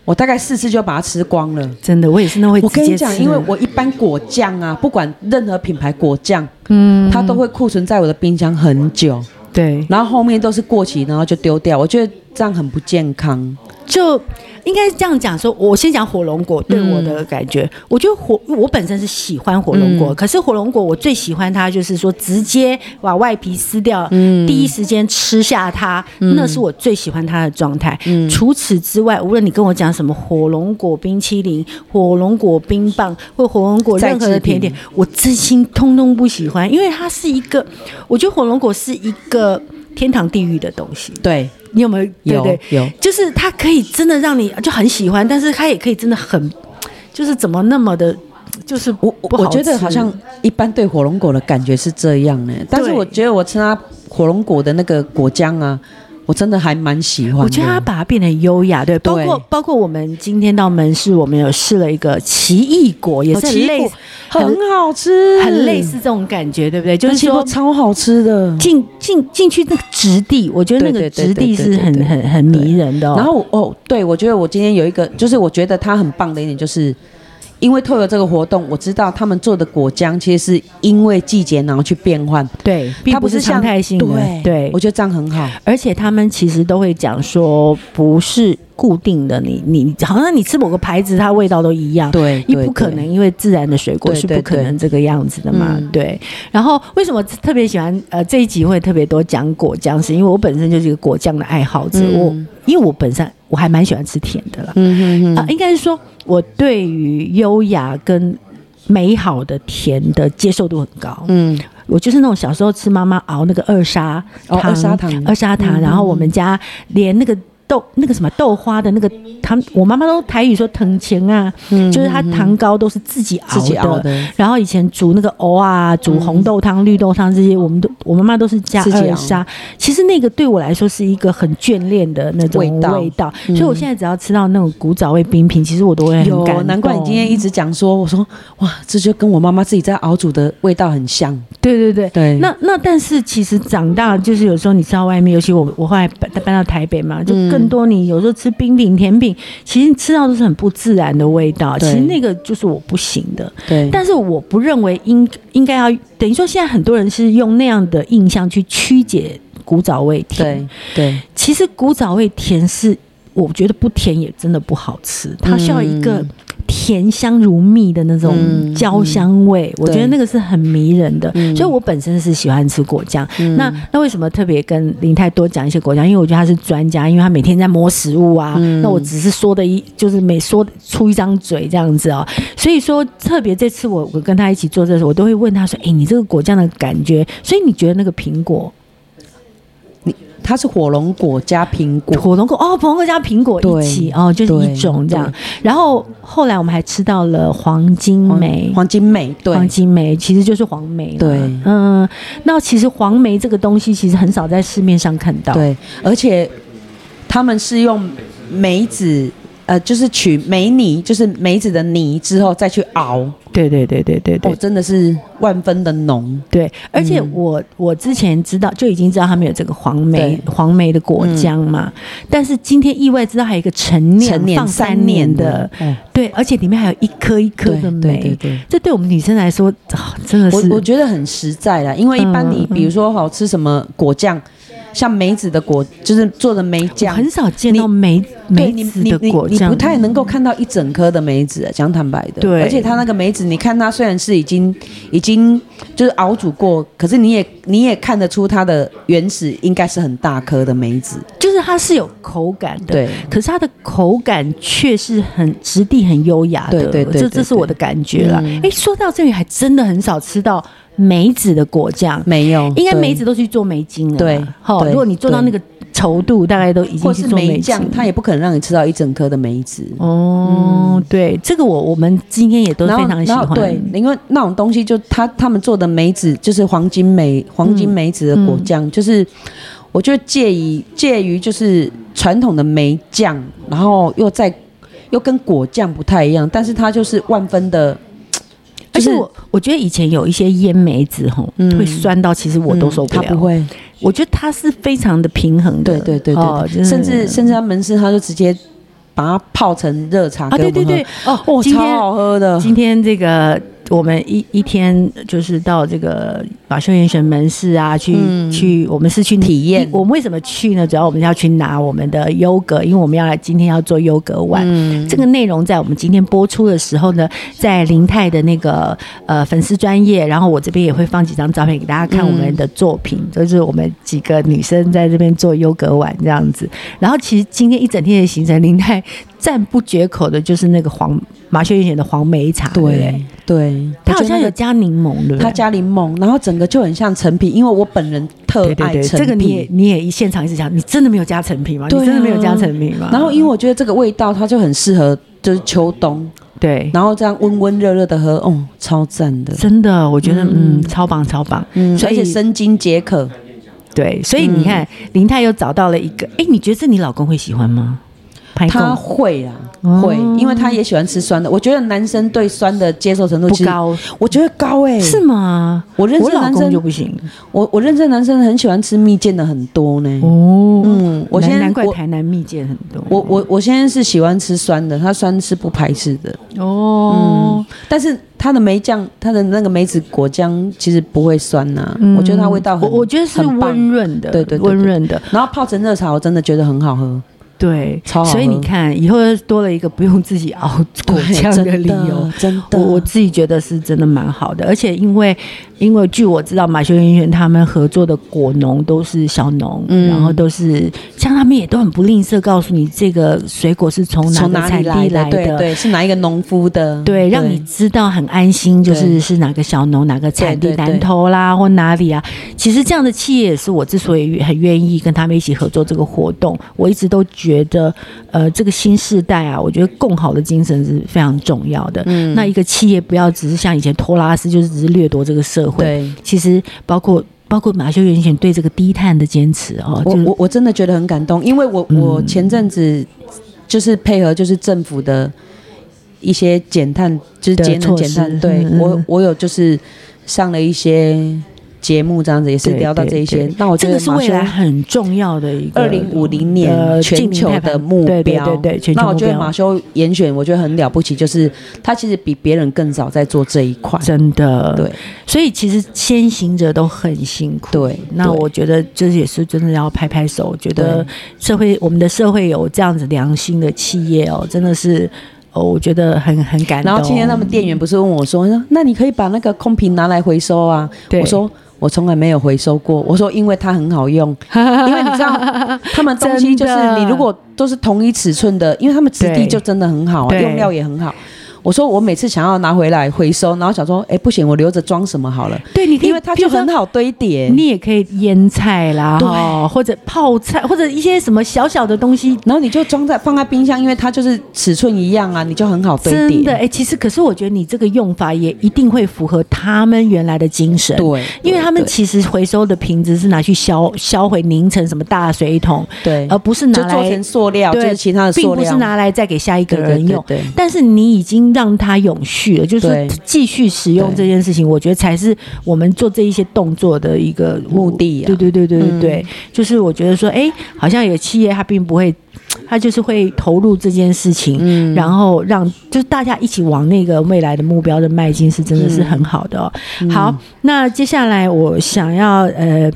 我大概四次就把它吃光了。真的，我也是那位。我跟你講，因為我一般果醬啊，不管任何品牌果醬，嗯，它都會庫存在我的冰箱很久。對，然後後面都是過期，然後就丟掉。我覺得這樣很不健康。就。應該這樣講，說，我先講火龍果對我的感覺、嗯。我覺得火，我本身是喜歡火龍果、嗯，可是火龍果我最喜歡它，就是說直接把外皮撕掉，嗯、第一時間吃下它，那是我最喜歡它的狀態、嗯。除此之外，無論你跟我講什麼火龍果冰淇淋、火龍果冰棒或火龍果任何的甜點，我真心通通不喜歡，因為它是一個，我覺得火龍果是一個天堂地獄的東西。對。你有沒有，對對有？對有，就是它可以真的讓你就很喜歡，但是它也可以真的很，就是怎麼那麼的，就是我我覺得好像一般對火龍果的感覺是這樣呢，但是我覺得我吃它火龍果的那個果漿啊。我真的還蠻喜歡，我覺得他把它變得很優雅，對不對？包括包括我們今天到門市，我們有試了一個奇異果，也是很類似很好吃、很類似這種感覺，對不對？就是說超好吃的，進進進去那個質地，我覺得那個質地是很很很很迷人的喔。然後哦，喔，對，我覺得我今天有一個，就是我覺得它很棒的一點就是。因為透過這個活動，我知道他們做的果漿其實是因為季節然後去變換，對，它不是常態性的對。對，我覺得這樣很好。而且他們其實都會講說，不是固定的，你你好像你吃某個牌子，它味道都一樣，對，對，對，你不可能，因為自然的水果是不可能這個樣子的嘛。對，對，對，對，對、嗯。然後為什麼我特別喜歡呃這一集會特別多講果漿？是因為我本身就是一個果醬的愛好者，嗯、我因為我本身。我還蠻喜歡吃甜的啦，啊，應該是說，我對於優雅跟美好的甜的接受度很高。嗯，我就是那種小時候吃媽媽熬那個二砂糖、哦，二砂糖，二砂糖，然後我們家連那個，豆那個什麼豆花的那個糖，我媽媽都台語說藤錢啊、嗯，就是她糖糕都是自己熬，自己熬的。然後以前煮那個藕啊，煮紅豆湯、嗯、綠豆湯這些，我們都我媽媽都是加二砂自己。其實那個對我來說是一個很眷戀的那種味道，味道。所以我現在只要吃到那種古早味冰品，嗯、其實我都會很感有。難怪你今天一直講說，我說哇，這就跟我媽媽自己在熬煮的味道很像。對對對對，那那但是其實長大就是有時候你吃到外面，尤其我我後來搬，搬到台北嘛，就更。很多你有時候吃冰品甜品，其實吃到都是很不自然的味道。其實那個就是我不行的。對，但是我不認為應應該要等於說，現在很多人是用那樣的印象去曲解古早味甜。對，其實古早味甜是我覺得不甜也真的不好吃，它需要一個。甜香如蜜的那種焦香味。嗯嗯，我覺得那個是很迷人的。所以我本身是喜歡吃果醬。嗯。那那為什麼特別跟林太多講一些果醬？因為我覺得他是專家，因為他每天在摸食物啊。嗯。那我只是說的一，就是每說出一張嘴這樣子哦。所以說特別這次我我跟他一起做的時候，我都會問他說：“誒、欸，你這個果醬的感覺，所以你覺得那個蘋果？”它是火龍果加蘋果，果，火龍果哦，火龍果加蘋果一起哦，就是一種這樣。然後後來我們還吃到了黃金梅，黃金梅，對，黃金梅其實就是黃梅。對，嗯，那其實黃梅這個東西其實很少在市面上看到，對，而且他們是用梅子，呃，就是取梅泥，就是梅子的泥之後再去熬。對對對對對對、oh，真的是萬分的濃。對，而且我、嗯、我之前知道就已經知道他們有這個黃梅黃梅的果漿嘛，嗯、但是今天意外知道還有一個陳年，年，三年的放三年的，哎、對，而且裡面還有一顆一顆的梅，對對對對對對、這對我們女生來說、哦、真的是我，我覺得很實在啦。因為一般你、嗯、比如說好吃什麼果醬。像梅子的果，就是做的梅醬，很少見到梅梅子的果醬，你不太能夠看到一整顆的梅子啊，講坦白的。對，而且它那個梅子，你看它雖然是已經已經就是熬煮過，可是你也你也看得出它的原始應該是很大顆的梅子，就是它是有口感的，對。可是它的口感卻是很質地很優雅的，對對對，對，這這是我的感覺啦。誒、嗯，欸，說到這裡還真的很少吃到。梅子的果醬沒有，應該梅子都去做梅精了對。對，如果你做到那個稠度，大概都已經梅或是梅醬，它也不可能讓你吃到一整顆的梅子。哦，嗯、對，這個我我們今天也都非常喜歡。對，因為那種東西就他他們做的梅子，就是黃金梅黃金梅子的果醬、嗯，就是我就介於介於就是傳統的梅醬，然後又在又跟果醬不太一樣，但是它就是萬分的。而且我我覺得以前有一些醃梅子吼，會酸到其實我都受不了。它不會，我覺得它是非常的平衡的、嗯。對對對對，甚至甚至他們門市他就直接把它泡成熱茶給我們喝、哦、對對對，哦，今超好喝的。今天，今天這個。我們一一天就是到這個馬修嚴選門市啊，去、嗯、去我們是去體驗。我們為什麼去呢？主要我們要去拿我們的優格，因為我們要來今天要做優格碗。嗯、這個內容在我們今天播出的時候呢，在林太的那個呃粉絲專頁，然後我這邊也會放幾張照片給大家看我們的作品，嗯、就是我們幾個女生在這邊做優格碗這樣子。然後其實今天一整天的行程，林太讚不絕口的就是那個黃。馬修嚴選的黃梅茶對，對對，他好像有加檸檬的、那個，他加檸檬，然後整個就很像陳皮，因為我本人特愛陳皮，對對對。這個你也你也現場一直講，你真的沒有加陳皮嗎？對、啊？你真的沒有加陳皮嗎？然後因為我覺得這個味道，它就很適合就是秋冬，對，然後這樣溫溫熱熱的喝，哦、嗯，超讚的，真的，我覺得嗯，嗯超棒超棒，嗯、所以而且生津解渴，對，所以你看、嗯、林太又找到了一個，哎、欸，你覺得這你老公會喜歡嗎？他會啊、嗯，會，因為他也喜歡吃酸的。我覺得男生對酸的接受程度其實不高，我覺得高誒、欸，是嗎？我認識男生，我老公就不行。我我認識男生很喜歡吃蜜餞的很多呢、欸。哦，嗯，我現在難怪台南蜜餞很多。嗯、我我我，我現在是喜歡吃酸的，他酸是不排斥的。哦，嗯、但是他的梅醬，它的那個梅子果醬其實不會酸吶、啊嗯。我覺得它味道，很，我覺得是溫潤的，的，對對，對，對，對，溫潤的。然後泡成熱茶，我真的覺得很好喝。對，所以你看，以後又多了一個不用自己熬果醬的理由，真的，真的我我自己覺得是真的蠻好的。而且因為，因為據我知道，馬修嚴選他們合作的果農都是小農，嗯、然後都是像他們也都很不吝嗇，告訴你這個水果是從哪，來從哪裡來的對，對，是哪一個農夫的，對，讓你知道很安心，就是是哪個小農哪個產地南投啦對對對對，或哪裡啊。其實這樣的企業也是我之所以很願意跟他們一起合作這個活動，我一直都覺。覺得，呃，這個新時代啊，我覺得共好的精神是非常重要的。嗯，那一個企業不要只是像以前托拉斯，就是只是掠奪這個社會。對、嗯，其實包括包括馬修嚴選對這個低碳的堅持哦、就是，我我真的覺得很感動，因為我、嗯、我前陣子就是配合就是政府的一些減碳就是節能減碳，對，對、嗯、我我有就是上了一些。節目這樣子也是聊到這些，對對對，那我覺得是未來很重要的一個二零五零年全球的目標。對對對，對全球目標，那我覺得馬修嚴選我覺得很了不起，就是他其實比別人更早在做這一塊。真的，對，所以其實先行者都很辛苦。對，對那我覺得就是也是真的要拍拍手，我覺得社會我們的社會有這樣子良心的企業哦，真的是，哦，我覺得很很感動。然後今天他們店員不是問我說，那那你可以把那個空瓶拿來回收啊？對我說。我從來沒有回收過。我說，因為它很好用，因為你知道，他們東西就是你如果都是同一尺寸的，因為他們質地就真的很好，用料也很好。我說我每次想要拿回來回收，然後想說，哎、欸，不行，我留着裝什麼好了。對，你可以，因為它就很好堆疊。你也可以醃菜啦，對，或者泡菜，或者一些什麼小小的東西，然後你就裝在放在冰箱，因為它就是尺寸一樣啊，你就很好堆疊。真的，哎、欸，其實可是我覺得你這個用法也一定會符合他們原來的精神。對，因為他們其實回收的瓶子是拿去消銷毀，銷回凝成什麼大水桶，對，而不是拿來就做成塑料，就是其他的塑料，塑並不是拿來再給下一個人用。對對對對對。但是你已經。讓它永續了，就是繼續使用這件事情，對對，我覺得才是我們做這一些動作的一個目的、啊。對對對對對，對，嗯、就是我覺得說，哎、欸，好像有企業它並不會，它就是會投入這件事情，嗯、然後讓就是大家一起往那個未來的目標的邁進，是真的是很好的、哦。好，那接下來我想要呃，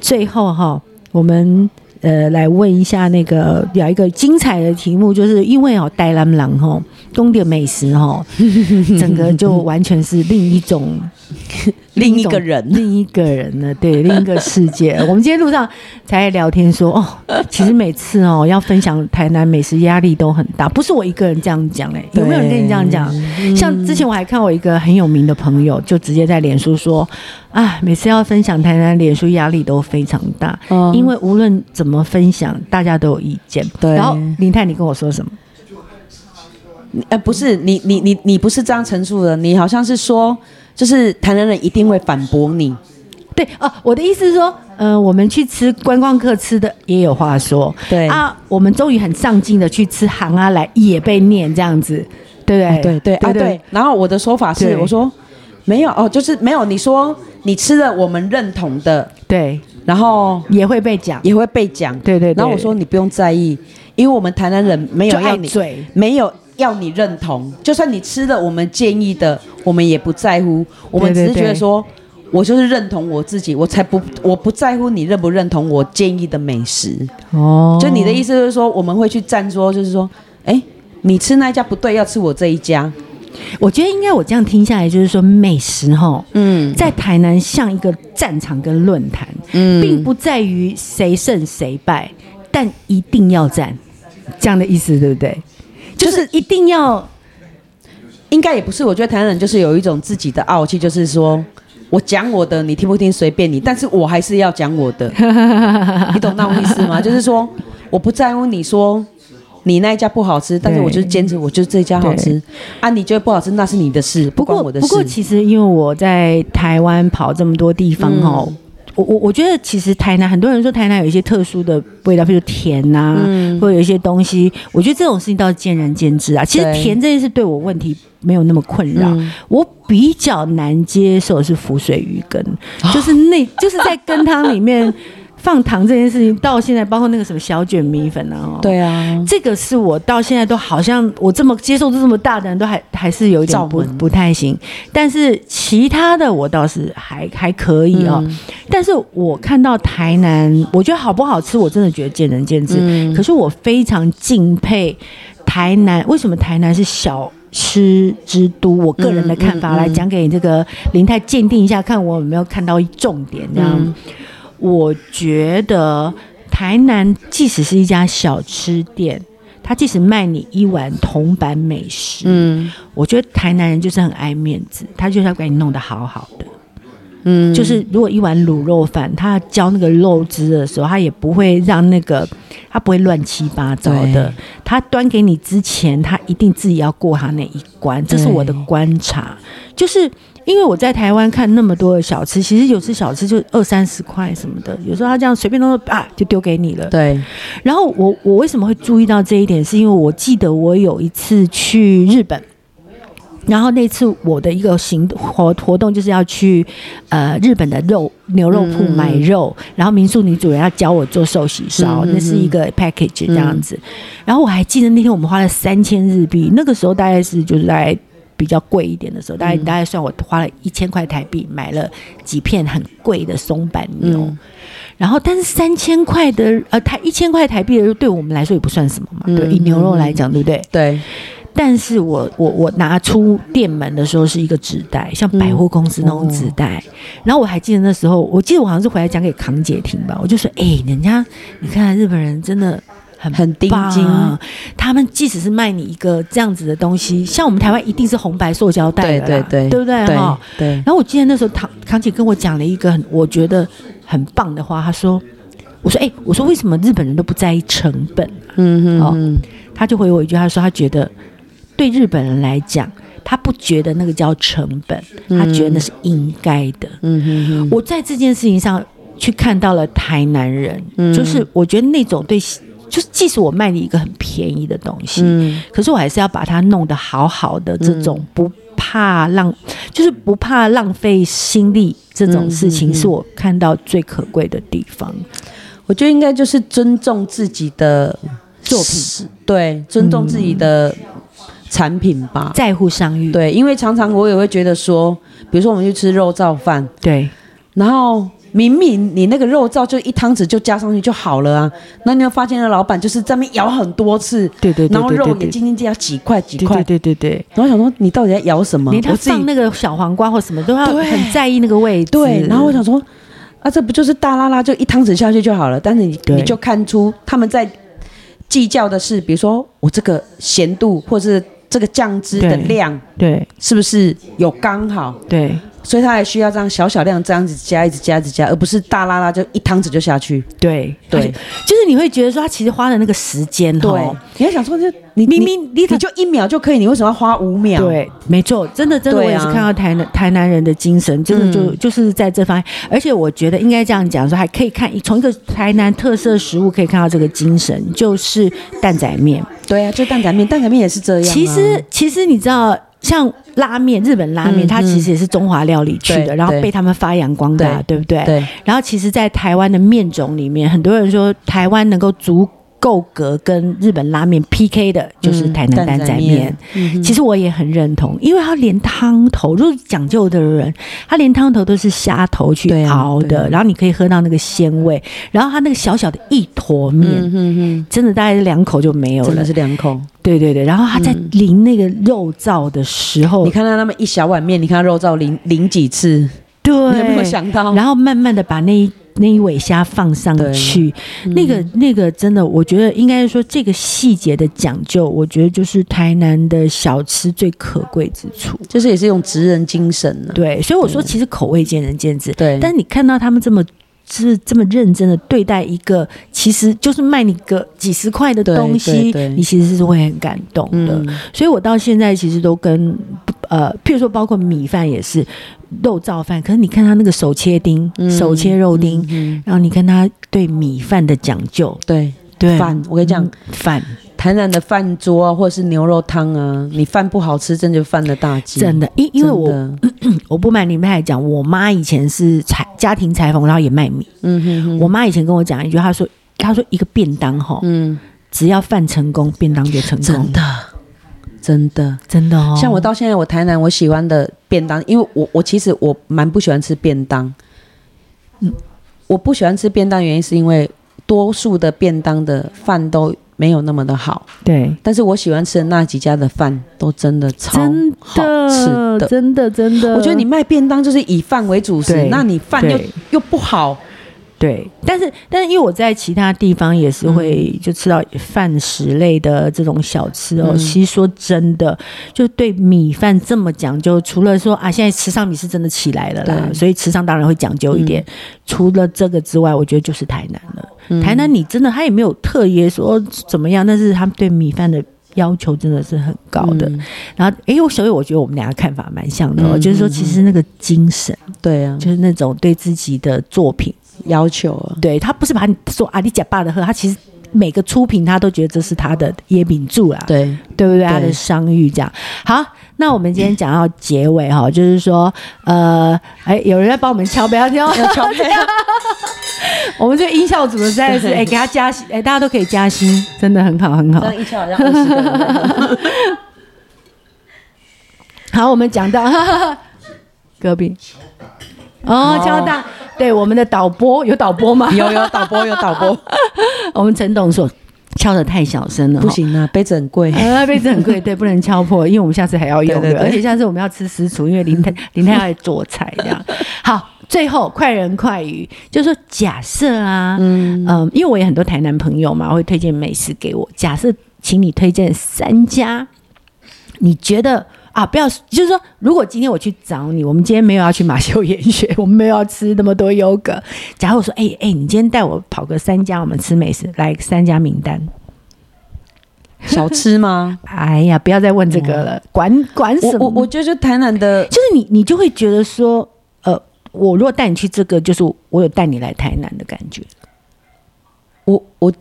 最後哈，我們。呃，來問一下那個有一個精彩的題目，就是因為哦，台南人吼，東點美食吼、哦，整個就完全是另一種。 另一個人，另一個人呢？對，另一個世界。 我們今天路上才聊天說，哦，其實每次哦、喔、要分享台南美食壓力都很大，不是我一個人這樣講嘞。有沒有人跟你這樣講？嗯、像之前我還看過一個很有名的朋友，就直接在臉書說，啊，每次要分享台南臉書壓力都非常大、嗯，因為無論怎麼分享，大家都有意見。然後林太，你跟我說什麼？呃，不是你，你，你，你不是這樣陳述的，你好像是說，就是台南人一定會反駁你對，對、啊、哦，我的意思是說，嗯、呃，我們去吃觀光客吃的也有話說，對啊，我們終於很上進的去吃行啊來，來也被念這樣子，對不對,對？對對,對啊對，然後我的說法是，我說沒有哦，就是沒有，你說你吃了我們認同的，對，然後也會被講，也會被講，對對,對，然後我說你不用在意，因為我們台南人沒有愛嘴你，沒有。要你認同，就算你吃了我們建議的，我們也不在乎。我們只是覺得說，對對對，我就是認同我自己，我才不，我不在乎你認不認同我建議的美食。哦、oh.，就你的意思就是說，我們會去站桌，說就是說，哎、欸，你吃那一家不對，要吃我這一家。我覺得應該我這樣聽下來，就是說美食哈，嗯，在台南像一個戰場跟論壇，嗯，並不在於誰勝誰敗，但一定要戰這樣的意思，對不對？就是一定要，應該也不是。我覺得台灣人就是有一種自己的傲氣，就是說我講我的，你聽不聽隨便你，但是我還是要講我的。 你懂那意思嗎？ 就是說我不在乎你說你那一家不好吃，但是我就是堅持，我就這家好吃啊！你覺得不好吃那是你的事，不關我的事。不過，不過其實因為我在台灣跑這麼多地方哦、嗯。我我我覺得其實台南很多人說台南有一些特殊的味道，譬如甜吶，或者有一些東西。我覺得這種事情倒是見仁見智啊。其實甜這件事對我問題沒有那麼困擾，嗯、我比較難接受是浮水魚羹，就是那就是在羹湯裡面。 放糖這件事情到現在，包括那個什麼小卷米粉啊，對啊，這個是我到現在都好像我這麼接受都這麼大的人都還還是有一點不不太行。但是其他的我倒是還還可以啊、哦嗯。但是我看到台南，我覺得好不好吃，我真的覺得見仁見智、嗯。可是我非常敬佩台南，為什麼台南是小吃之都？我個人的看法嗯嗯嗯嗯來講，給你這個林太鑒定一下，看我有沒有看到重點這樣。嗯我覺得台南即使是一家小吃店，他即使賣你一碗銅板美食，嗯，我覺得台南人就是很愛面子，他就是要給你弄得好好的，嗯，就是如果一碗滷肉飯，他要澆那個肉汁的時候，他也不會讓那個他不會亂七八糟的，他端給你之前，他一定自己要過他那一關，這是我的觀察，就是。因為我在台灣看那麼多的小吃，其實有些小吃就二三十塊什麼的，有時候他這樣隨便弄，啊，就丟給你了。對。然後我我為什麼會注意到這一點？是因為我記得我有一次去日本，然後那次我的一個行活活動就是要去呃日本的肉牛肉鋪買肉。嗯嗯，然後民宿女主人要教我做壽喜燒，嗯嗯嗯，那是一個 package 這樣子，嗯。然後我還記得那天我們花了三千日幣，那個時候大概是就是在。比較貴一點的時候，大概大概算我花了一千塊台幣買了幾片很貴的松板牛，嗯、然後但是三千塊的呃台一千塊台幣的，肉對我們來說也不算什麼嘛，嗯、對，以牛肉來講，對不對？對。但是我我我拿出店門的時候是一個紙袋，像百貨公司那種紙袋、嗯，然後我還記得那時候，我記得我好像是回來講給康姐聽吧，我就說，哎、欸，人家你看、啊、日本人真的。很棒，很頂真。他們即使是賣你一個這樣子的東西，像我們台灣一定是紅白塑膠袋，對對對，對不對哈？對，對，對。然後我記得那時候唐唐姐跟我講了一個很我覺得很棒的話，她說：“我說哎、欸，我說為什麼日本人都不在意成本、啊？”嗯哼嗯，哦，他就回我一句，他說他覺得對日本人來講，他不覺得那個叫成本，他覺得那是應該的。嗯哼，我在這件事情上去看到了台南人、嗯，就是我覺得那種對。就是，即使我賣你一個很便宜的東西，嗯，可是我還是要把它弄得好好的，這種不怕浪，嗯，就是不怕浪費心力這種事情，是我看到最可貴的地方，嗯嗯嗯。我覺得應該就是尊重自己的作品，對，尊重自己的產品吧，在乎相遇，對，因為常常我也會覺得說，比如說我們去吃肉燥飯，對，然後。明明你那個肉燥就一湯匙就加上去就好了啊，那你又發現那老闆就是在那舀很多次，然後肉也斤斤計較幾塊幾塊，對對對，然後想說你到底在舀什麼？你不放那個小黃瓜或什麼都要很在意那個味，對。然後我想說，啊，這不就是大拉拉就一湯匙下去就好了？但是你對對對對，你就看出他們在計較的是，比如說我這個鹹度，或是這個醬汁的量，對，是不是有剛好？對，對。所以他還需要這樣小小量這樣子加，一直加，一直加，一直加，而不是大拉拉就一湯匙就下去。對對，就是你會覺得說他其實花了那個時間對。你要想說就，就你明明你，你，你，你，你就一秒就可以，你為什麼要花五秒？對，沒錯，真的，真的，啊，我也是看到台南台南人的精神，真的就就是在這方面。嗯、而且我覺得應該這樣講，說還可以看從一個台南特色食物可以看到這個精神，就是蛋仔麵。對啊，就蛋仔麵，蛋仔麵也是這樣，啊。其實，其實你知道。像拉麵，日本拉麵，嗯嗯，它其實也是中華料理去的，然後被他們發揚光大，對，對不對？對？然後其實，在台灣的麵種裡面，很多人說台灣能夠煮。夠格跟日本拉麵 PK 的就是台南擔仔麵，其實我也很認同，嗯、因為它連湯頭，如果講究的人，它連湯頭都是蝦頭去熬的、啊啊，然後你可以喝到那個鮮味，然後它那個小小的一坨麵、嗯，真的大概是兩口就沒有了，真的是兩口，對對對，然後它在淋那個肉燥的時候，你看它那麼一小碗麵，你看它肉燥淋淋幾次，對，有沒有想到？然後慢慢的把那、一那一尾蝦放上去，那個、嗯、那個真的，我覺得應該說這個細節的講究，我覺得就是台南的小吃最可貴之處，就是也是用職人精神了、啊。對，所以我說其實口味見仁見智，對。但你看到他們這麼。是這麼認真的對待一個，其實就是賣你個幾十塊的東西，你其實是會很感動的。所以我到現在其實都跟呃，譬如說包括米飯也是肉燥飯，可是你看他那個手切丁，手切肉丁，然後你看他對米飯的講究。對，對對，飯我跟你講飯。嗯台南的飯桌啊，或者是牛肉湯啊，你飯不好吃，真就犯了大忌。真的，因因為我、嗯，我我不瞞你們來講，我媽以前是裁家庭裁縫，然後也賣米。嗯哼，哼。我媽以前跟我講一句，她說，她說一個便當哈，嗯，只要飯成功，便當就成功。真的，真的，真的哦。像我到現在，我台南我喜歡的便當，因為我我其實我蠻不喜歡吃便當。嗯，我不喜歡吃便當，原因是因為多數的便當的飯都。沒有那麼的好，對。但是我喜歡吃的那幾家的飯，都真的超好吃的，真的真的，真的。我覺得你賣便當就是以飯為主食，那你飯又又不好。對，但是但是因為我在其他地方也是會就吃到飯食類的這種小吃哦。嗯、其實說真的，就對米飯這麼講究，除了說啊，現在池上米是真的起來了啦，所以池上當然會講究一點，嗯。除了這個之外，我覺得就是台南了。嗯、台南你真的他也沒有特意說怎麼樣，但是他們對米飯的要求真的是很高的。嗯、然後哎，我所以我覺得我們兩個看法蠻像的，哦嗯，就是說其實那個精神，對、嗯、啊、嗯，就是那種對自己的作品。要求了，對，他不是把你說啊，你假爸的喝，他其實每個出品他都覺得這是他的夜明珠啊，對對不對，對？他的商譽這樣。好，那我們今天講到結尾哈，就是說呃，哎、欸，有人在幫我們敲，不要敲，要敲，我們這個音效組的實在是，哎、欸，給他加薪，哎、欸，大家都可以加薪，真的很好，很好。好 好，我們講到隔壁。 哦，敲大，oh. 對我們的導播有導播嗎？有有導播有導播。有導播 我們陳董說敲的太小聲了，不行啊，杯子很貴、哦，杯子很貴，對，不能敲破， 因為我們下次還要用的，而且下次我們要吃私廚，因為林太 林太愛做菜這樣。好，最後快人快語，就是說假設啊，嗯嗯、呃，因為我有很多台南朋友嘛，會推薦美食給我，假設請你推薦三家，你覺得？啊，不要就是說，如果今天我去找你，我們今天沒有要去馬修嚴選，我們沒有要吃那麼多優格。假如我說，哎、欸、哎、欸，你今天帶我跑個三家，我們吃美食，來三家名單，小吃嗎？ 哎呀，不要再問這個了，嗯、管管什麼？我我，我就是台南的，就是你你就會覺得說，呃，我如果帶你去這個，就是我有帶你來台南的感覺。我我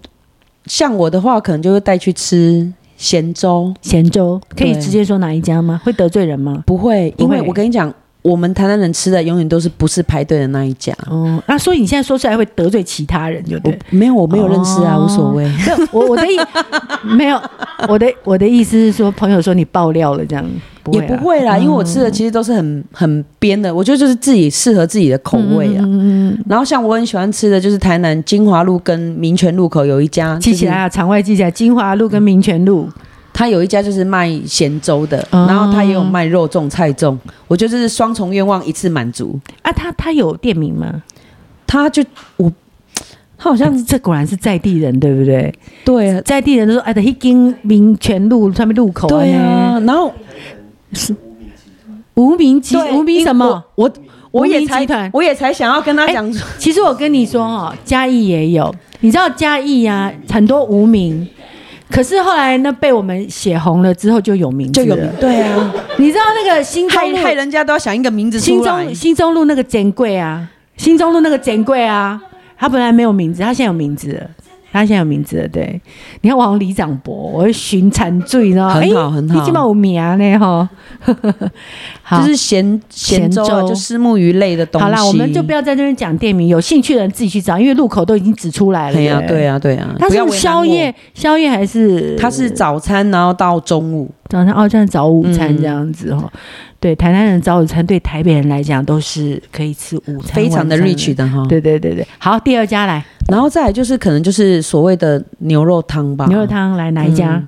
像我的話，可能就會帶去吃。鹹粥、鹹粥，可以直接說哪一家嗎？會得罪人嗎？不會，因為我跟你講。我們台南人吃的永遠都是不是排隊的那一家、嗯，那所以你現在說出來會得罪其他人，就對。沒有，我沒有認識啊，哦、無所謂。我我的意 沒有，我的我的意思是說，朋友說你爆料了這樣，嗯、不也不會啦、嗯，因為我吃的其實都是很很編的，我覺得就是自己適合自己的口味啊嗯嗯嗯嗯。然後像我很喜歡吃的就是台南金華路跟民權路口有一家、就是，記起來啊，場外記起來，金華路跟民權路。嗯他有一家就是賣鹹粥的，然後他也有賣肉粽、菜粽，我就是雙重願望一次滿足啊！他他有店名嗎？他就我，他好像是，欸、這果然是在地人，對不對？對。啊，在地人說哎，欸，他一經民權路上面路口對啊，然後是無名集團，無名，集無名什麼？我我，我，也我也才，我也才想要跟他講，欸，其實我跟你說哦，嘉義也有，你知道嘉義呀，啊，很多無名。可是後來呢？被我們寫紅了之後，就有名字，就有名。對啊，你知道那個新中路， 害人家都要想一個名字出來。新中新中路那個珍櫃啊，新中路那個珍櫃啊，他本來沒有名字，他現在有名字了。他現在有名字了，對，你看王李長博，我尋饞罪。你很好很好，最起碼有名呢 好，就是鹹鹹粥、啊、就虱目魚類的東西。好啦，我們就不要在這邊講店名，有興趣的人自己去找，因為路口都已經指出來了。對呀、啊、對呀、啊、對呀、啊。他是宵夜，宵夜還是？他是早餐，然後到中午。早上，這、哦、樣早午餐這樣子哦、嗯。對，台南人早午餐對台北人來講都是可以吃午餐，非常的 rich 的哈、哦。對對對對，好，第二家來，然後再來就是可能就是所謂的牛肉湯吧，牛肉湯來哪一家？嗯、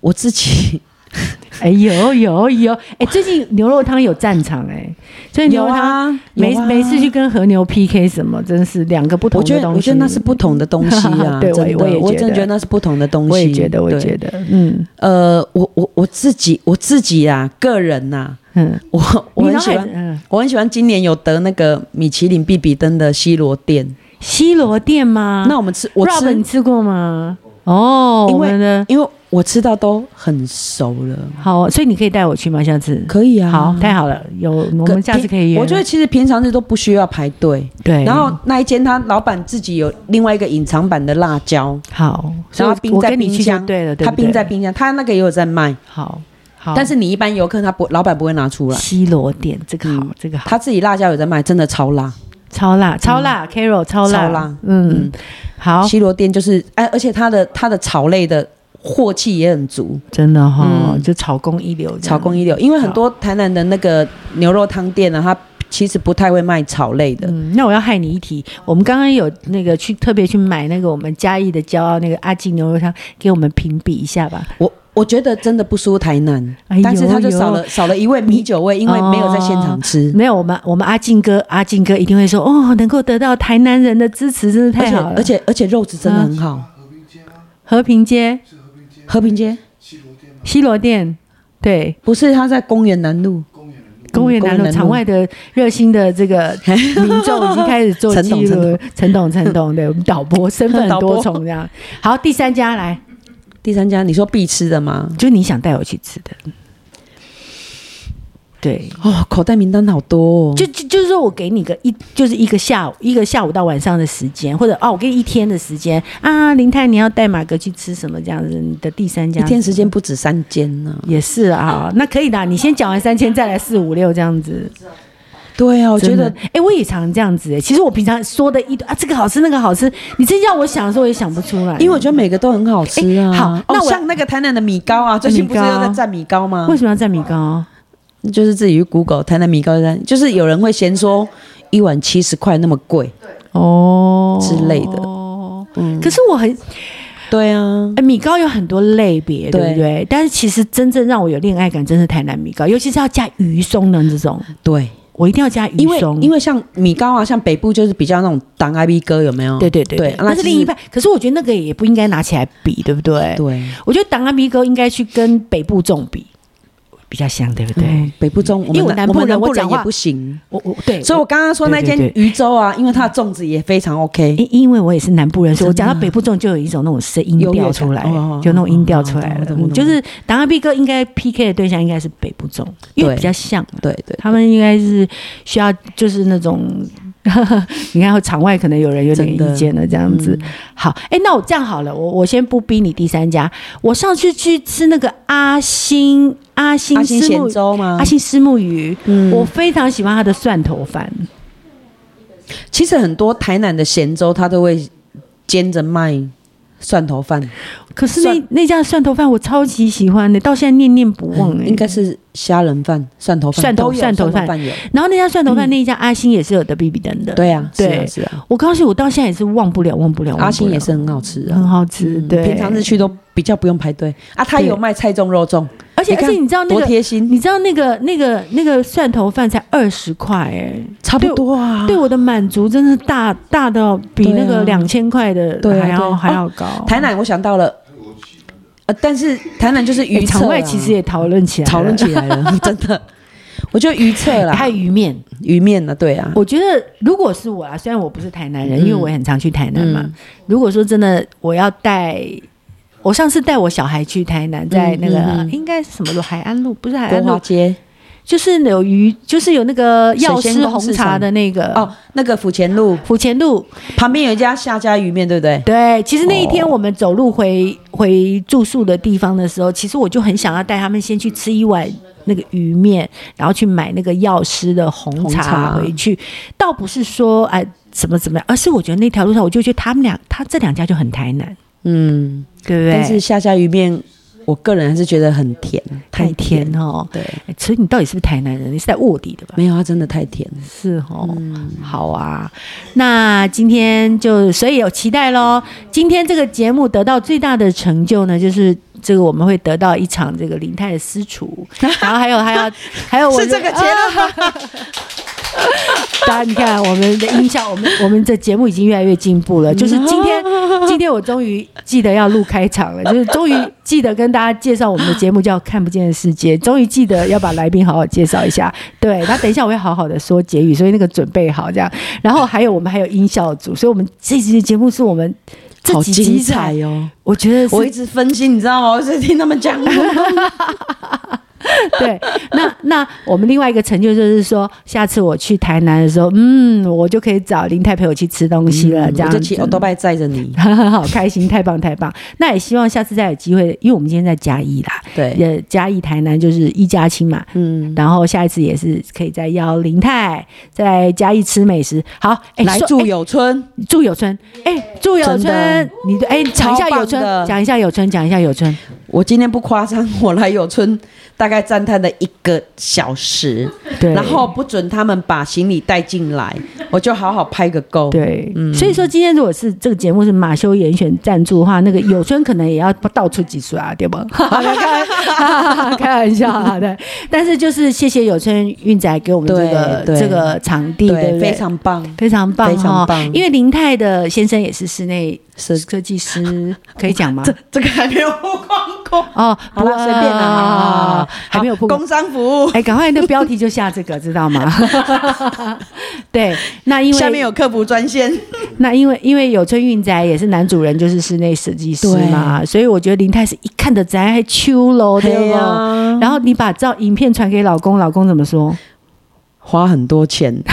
我自己。 哎有有有！哎、欸、最近牛肉湯有戰場哎、欸，所以牛肉湯每每次沒沒事去跟和牛 PK 什麼，真是兩個不同的東西我。我覺得那是不同的東西啊， 對，我也覺得，我真的覺得那是不同的東西。我覺得，我覺得，我覺得，嗯，呃，我我我自己我自己啊，個人吶、啊，嗯，我我很喜歡、嗯，我很喜歡今年有得那個米其林必比登的西螺店，西螺店嗎？那我們吃，我吃, Robin, 我吃，你吃過嗎？哦，因為我呢，因為。我吃到都很熟了，好，所以你可以帶我去嗎？下次可以啊，好，太好了，有我們下次可以約。我覺得其實平常是都不需要排隊，對。然後那一間他老板自己有另外一個隱藏版的辣椒，好，嗯、然後冰在冰，冰在冰箱，對的，對他冰在冰箱，他那個也有在賣，好，好。但是你一般遊客他不老板不會拿出來。西螺店這個好，這個好、嗯，他自己辣椒有在賣，真的超辣，超辣，超辣、嗯、Carol 超辣，超辣嗯，嗯，好。西螺店就是，哎，而且它的它的、的草類的。鑊氣也很足，真的哈、哦、嗯，就炒工一流，炒工一流。因為很多台南的那個牛肉湯店呢、啊，它其實不太會賣炒類的、嗯。那我要害你一提，我們剛剛有那個去特別去買那個我們嘉義的驕傲那個阿進牛肉湯，給我們評比一下吧。我我覺得真的不輸台南、哎，但是他就少了少了一味米酒味、哎，因為沒有在現場吃。哦、沒有我們我們阿進哥阿進哥一定會說，哦，能夠得到台南人的支持，真的太好了。而且而且、而且肉質真的很好，啊、和平街。和平街，西螺店，店，對，不是他在公園南路，公園南，南路，場外的熱心的這個民眾已經開始做記錄，陳 董，陳董，陳董，董，對，我們導播 身份很多重這樣。好，第三家來，第三家，你說必吃的嗎？就是你想帶我去吃的。對哦，口袋名單好多，哦，就就就是說我給你個一，就是一個下午，一個下午到晚上的時間，或者啊，我給你一天的時間啊，林太你要帶瑪格去吃什麼這樣子？你的第三家一天時間不止三間呢？啊，也是啊，啊那可以的，你先講完三千再來四五六這樣子，對啊，我覺得哎、欸、我也常這樣子、欸，其實我平常說的一啊這個好吃那個好吃，你真叫我想的時候也想不出來，因為我覺得每個都很好吃啊。欸、好，哦、那我像那個台南的米糕啊，糕最近不是要在蘸米糕嗎？為什麼要蘸米糕？就是自己去 Google 台南米糕山，就是有人會嫌說一碗七十塊那麼貴哦之類的、哦。嗯，可是我很對啊，米糕有很多類別，對不對，對？但是其實真正讓我有戀愛感，真的是台南米糕，尤其是要加魚鬆的這種。對，我一定要加魚鬆。因為，因為像米糕啊，像北部就是比較那種筒仔米糕，有沒有？對對對，對。但、就是、是另一半，可是我覺得那個也不應該拿起來比，對不對？對，我覺得筒仔米糕應該去跟北部粽比。比較像，對不對？嗯、北部粽，因為我南部人不講話，我話也不行。我我對，所以我剛剛說那間漁舟啊對對對，因為它的粽子也非常 OK。因為我也是南部人，所以我講到北部粽就有一種那種聲音調出來，來，就那種音調出來了。哦哦嗯嗯、就是達阿碧哥應該 PK 的對象應該是北部粽，因為比較像、啊。對對，對，他們應該是需要就是那種。 你看場外可能有人有點意見了，這樣子。嗯、好，哎、欸，那我這樣好了，我我先不逼你第三家，我上次去吃那個阿星阿星鹹粥嗎？阿星虱目魚、嗯，我非常喜歡他的蒜頭飯。其實很多台南的鹹粥，他都會煎着賣。蒜頭飯，可是那那家蒜頭飯我超級喜歡的，到現在念念不忘、嗯。應該是蝦仁飯、蒜頭飯、蒜頭蒜頭飯，蒜頭飯然後那家蒜頭飯、嗯、那一家阿星也是有的，必比登的。對啊，對啊，啊，是啊。我剛才我到現在也是忘不了，忘不了。阿星也是很好吃、啊，很好吃。嗯、對平常日去都比較不用排隊啊，粥粥啊，他有賣菜粽、肉粽。而且，而且你知道、那個、多貼心，你知道那個那個那個蒜頭飯才二十塊誒，差不多啊。對我，對我的滿足真的大大到、喔、比那個兩千塊的還要、啊啊啊、還要高、啊哦。台南我想到了，呃，但是台南就是預、欸、外，其實也討論起來，討論起來了， 真的，我就愚蠢了，太、欸、魚麵魚麵了、啊，對啊。我覺得如果是我啊，雖然我不是台南人，嗯、因為我很常去台南嘛。嗯、如果說真的我要帶。我上次帶我小孩去台南，在那個、嗯嗯嗯、應該是什麼路？海安路，不是海安路街，就是有魚，就是有那個藥師紅茶的那個哦，那個府前路，府前路旁邊有一家夏家魚麵，對不對？對。其實那一天我們走路回、哦、回住宿的地方的時候，其實我就很想要帶他們先去吃一碗那個魚麵，然後去買那個藥師的紅茶回去。倒不是說哎怎麼怎麼樣，而、啊、是我覺得那條路上，我就覺得他們倆他這兩家就很台南。嗯，對不對？但是下下魚麵，我個人還是覺得很甜，太甜哦。對，所以你到底是不是台南人？你是在臥底的吧？沒有啊，他真的太甜，是哦。嗯，好啊，那今天就所以有期待嘍。今天這個節目得到最大的成就呢，就是這個我們會得到一場這個林太的私廚， 然後還有還有 還有我是這個節目。啊 大家，你看，啊、我們的音效，我們我們的節目已經越來越進步了。就是今天，今天我終於記得要錄開場了，就是終於記得跟大家介紹我們的節目叫《看不見的世界》，終於記得要把來賓好好介紹一下。對他，那等一下我會好好的說結語，所以那個準備好這樣。然後還有我們還有音效組，所以，我們這期節目是我們好精彩哦！彩，我覺得我一直分心，你知道嗎？我是聽他們講。呵呵呵 對，那那我們另外一個成就就是說，下次我去台南的時候，嗯，我就可以找林太陪我去吃東西了，嗯、這樣子我都拜載着你， 好開心，太棒太棒。那也希望下次再有機會，因為我們今天在嘉義啦，對，嘉義台南就是一家親嘛，嗯，然後下一次也是可以再邀林太在嘉義吃美食，好，欸、來祝、欸、有春，祝有春，哎，祝有春，你哎，講、欸欸、一下有春，講一下有春，講一下有春。我今天不誇張，我來有春大概讚嘆了一個小時，然後不准他們把行李帶進來，我就好好拍個夠。對，嗯，所以說今天如果是這個節目是馬修嚴選贊助的話，那個有春可能也要到處擠出幾啊，對吧？ 開玩笑、啊，好的。但是就是謝謝有春運仔給我們這個這個場地對對對，對，非常棒，非常棒，非常棒。因為林太的先生也是室內。設計師可以講嗎？這這個還沒有曝光過哦，不隨便啊好好好好。還沒有曝光。工商服務，哎、欸，趕快那個標題就下這個， 知道嗎？ 對，那因為下面有客服專線。那因為因為有春枟宅，也是男主人就是室內設計師嘛，所以我覺得林太是一看的宅還秋樓的，然後你把照影片傳給老公，老公怎麼說？花很多錢。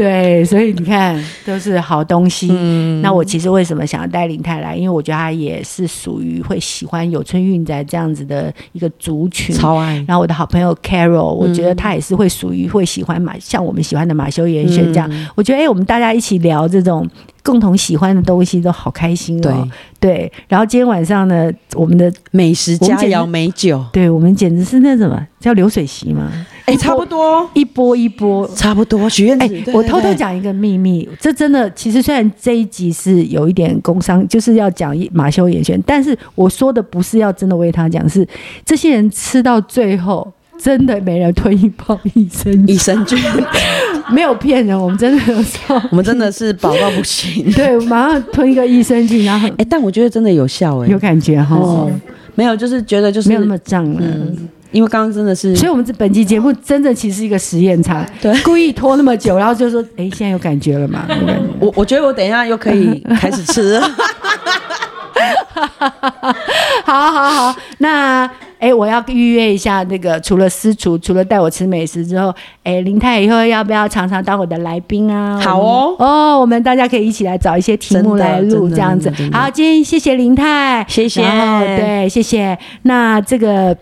對，所以你看都是好東西，嗯。那我其實為什麼想要帶林太來？因為我覺得他也是屬於會喜歡有春枟宅這樣子的一個族群。超愛。然後我的好朋友 Carol、嗯、我覺得他也是會屬於會喜歡馬，像我們喜歡的馬修嚴選這樣、嗯。我覺得哎、欸，我們大家一起聊這種共同喜歡的東西，都好開心哦，對。對。然後今天晚上呢，我們的美食佳餚美酒，對我們簡直是那什麼叫流水席嘛。欸、差不多、欸、差不多一波一波，差不多許願。哎、欸，我偷偷講一個秘密，這真的其實雖然這一集是有一點工商，就是要講馬修嚴選，但是我說的不是要真的為他講，是這些人吃到最後真的沒人吞一包益生益生菌，生菌 沒有騙人，我們真的有時候 我們真的是飽到不行。 對，我馬上吞一個益生菌，然後哎、欸，但我覺得真的有效、欸，哎，有感覺哈，沒有，就是覺得就是沒有那麼脹了。嗯因為剛剛真的是，所以我們這本期節目真的其實一個實驗場。對，故意拖那麼久，然後就說，誒，現在有感覺了嘛？ 有感覺了，我我覺得我等一下又可以開始吃。 好好好，那誒，我要預約一下那個，除了私廚，除了帶我吃美食之後，誒，林太以後要不要常常當我的來賓啊？好哦，哦，我們大家可以一起來找一些題目來錄這樣子。好，今天謝謝林太，謝謝，對，謝謝。那這個。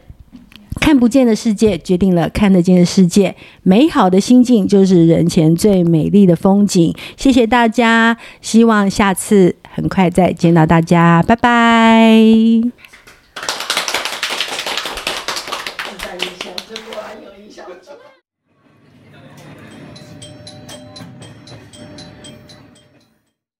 看不見的世界決定了看得見的世界。美好的心境就是人前最美麗的風景。謝謝大家，希望下次很快再見到大家。拜拜。